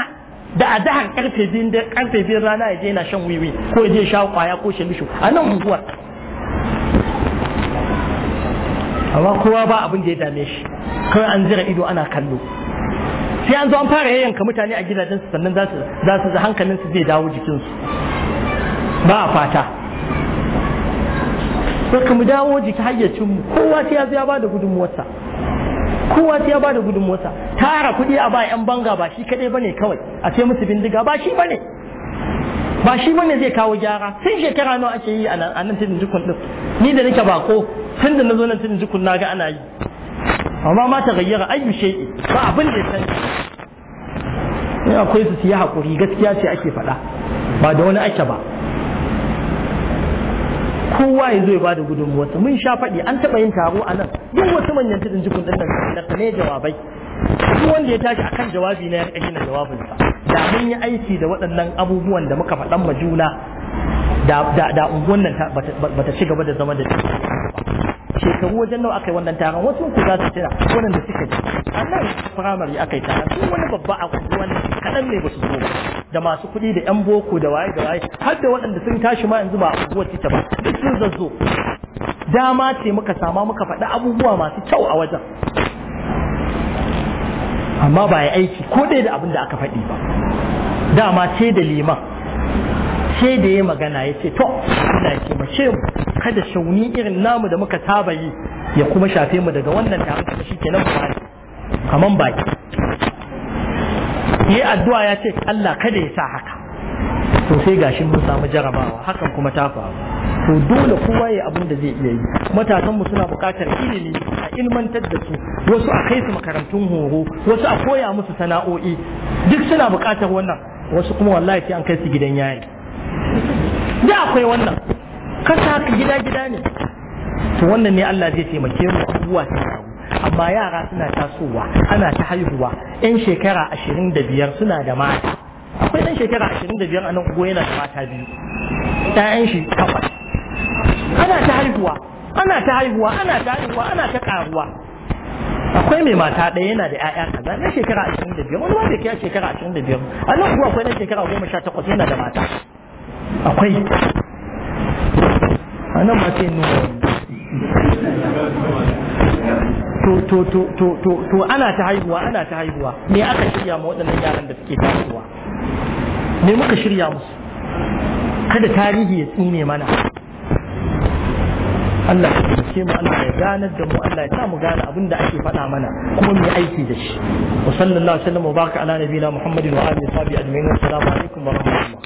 da a dahar karfe biyun da karfe biyun rana ya je yana shan wiwi ko ya je sha kwaya ko shemishu a nan unguwar amma kowa ba abin da ya dame shi kawai an zira ido ana kallo sai an zo an fara yayyanka mutane a gidajensu sannan za su za su hankalin su zai dawo jikinsu ba a fata ka mu dawo jiki hayyacin mu kowa sai ya zo ya bada gudunmuwarsa kowa sai ya bada gudunmuwarsa tara kuɗi a ba yan banga ba shi kadai bane kawai a ce musu bindiga ba shi bane ba shi bane zai kawo gyara sai shekara nawa ake yi a nan tudun jikun din ni da nake bako tun da na zo nan tudun jikun na ga ana yi amma ma ta gayyara ayyu shay'i ba abin da san ne akwai su siya hakuri gaskiya ce ake faɗa ba da wani ake ba kowa ya zo ya bada gudunmuwarsa mun sha faɗi an taɓa yin taro a nan duk wasu manyan tudun jikun ɗin nan da ne jawabai duk wanda ya tashi akan jawabi na ya gina jawabinsa da mun yi aiki da waɗannan abubuwan da muka faɗan ma juna da unguwan nan ba ta ci gaba da zama da shekaru wajen nawa aka yi wannan taron wasu su za su tira wannan da suka ji a nan firamare aka yi taron duk wani babba a wani kaɗan ne ba su zo ba da masu kuɗi da yan boko da waye da waye har da waɗanda sun tashi ma yanzu ba a unguwar ta ba duk sun zazzo dama ce muka sama muka faɗi abubuwa masu kyau a wajen amma ba ya aiki ko dai da abin da aka faɗi ba dama ce da liman sai da ya magana ya ce to ina ce mace mu kada shauni irin namu da muka saba yi ya kuma shafe mu daga wannan da shi ke nan ba kaman baki yi addu'a ya ce Allah kada ya sa haka to sai gashi mun samu jarabawa hakan kuma ta faru to dole kowa ya abin da zai iya yi matasan mu suna buƙatar ilimi a ilmantar da su wasu a kai su makarantun horo wasu a koya musu sana'o'i duk suna buƙatar wannan wasu kuma wallahi sai an kai su gidan yayi da akwai wannan kasa ka gida gida ne to wannan ne Allah zai taimake mu abubuwa ta samu amma yara suna tasowa ana ta haihuwa yan shekara ashirin da biyar suna da mata akwai ɗan shekara ashirin da biyar a nan ugo yana da mata biyu ɗayan shi takwas ana ta haihuwa ana ta haihuwa ana ta haihuwa ana ta ƙaruwa akwai mai mata ɗaya yana da 'ya'ya kaza na shekara ashirin da biyar wani ma bai kai shekara ashirin da biyar a nan ugo akwai yan shekara goma sha takwas yana da mata akwai a nan ma sai nuna to to to to to ana ta haihuwa ana ta haihuwa me aka shirya ma waɗannan yaran da suke tasowa me muka shirya musu kada tarihi ya tsine mana Allah ya taimake mu Allah ya ganar da mu Allah ya sa mu gane abin da ake faɗa mana kuma mu aiki da shi wa sallallahu alaihi wa sallam wa baraka ala nabiyina muhammadin wa alihi wa sahbihi ajma'in assalamu alaikum wa rahmatullah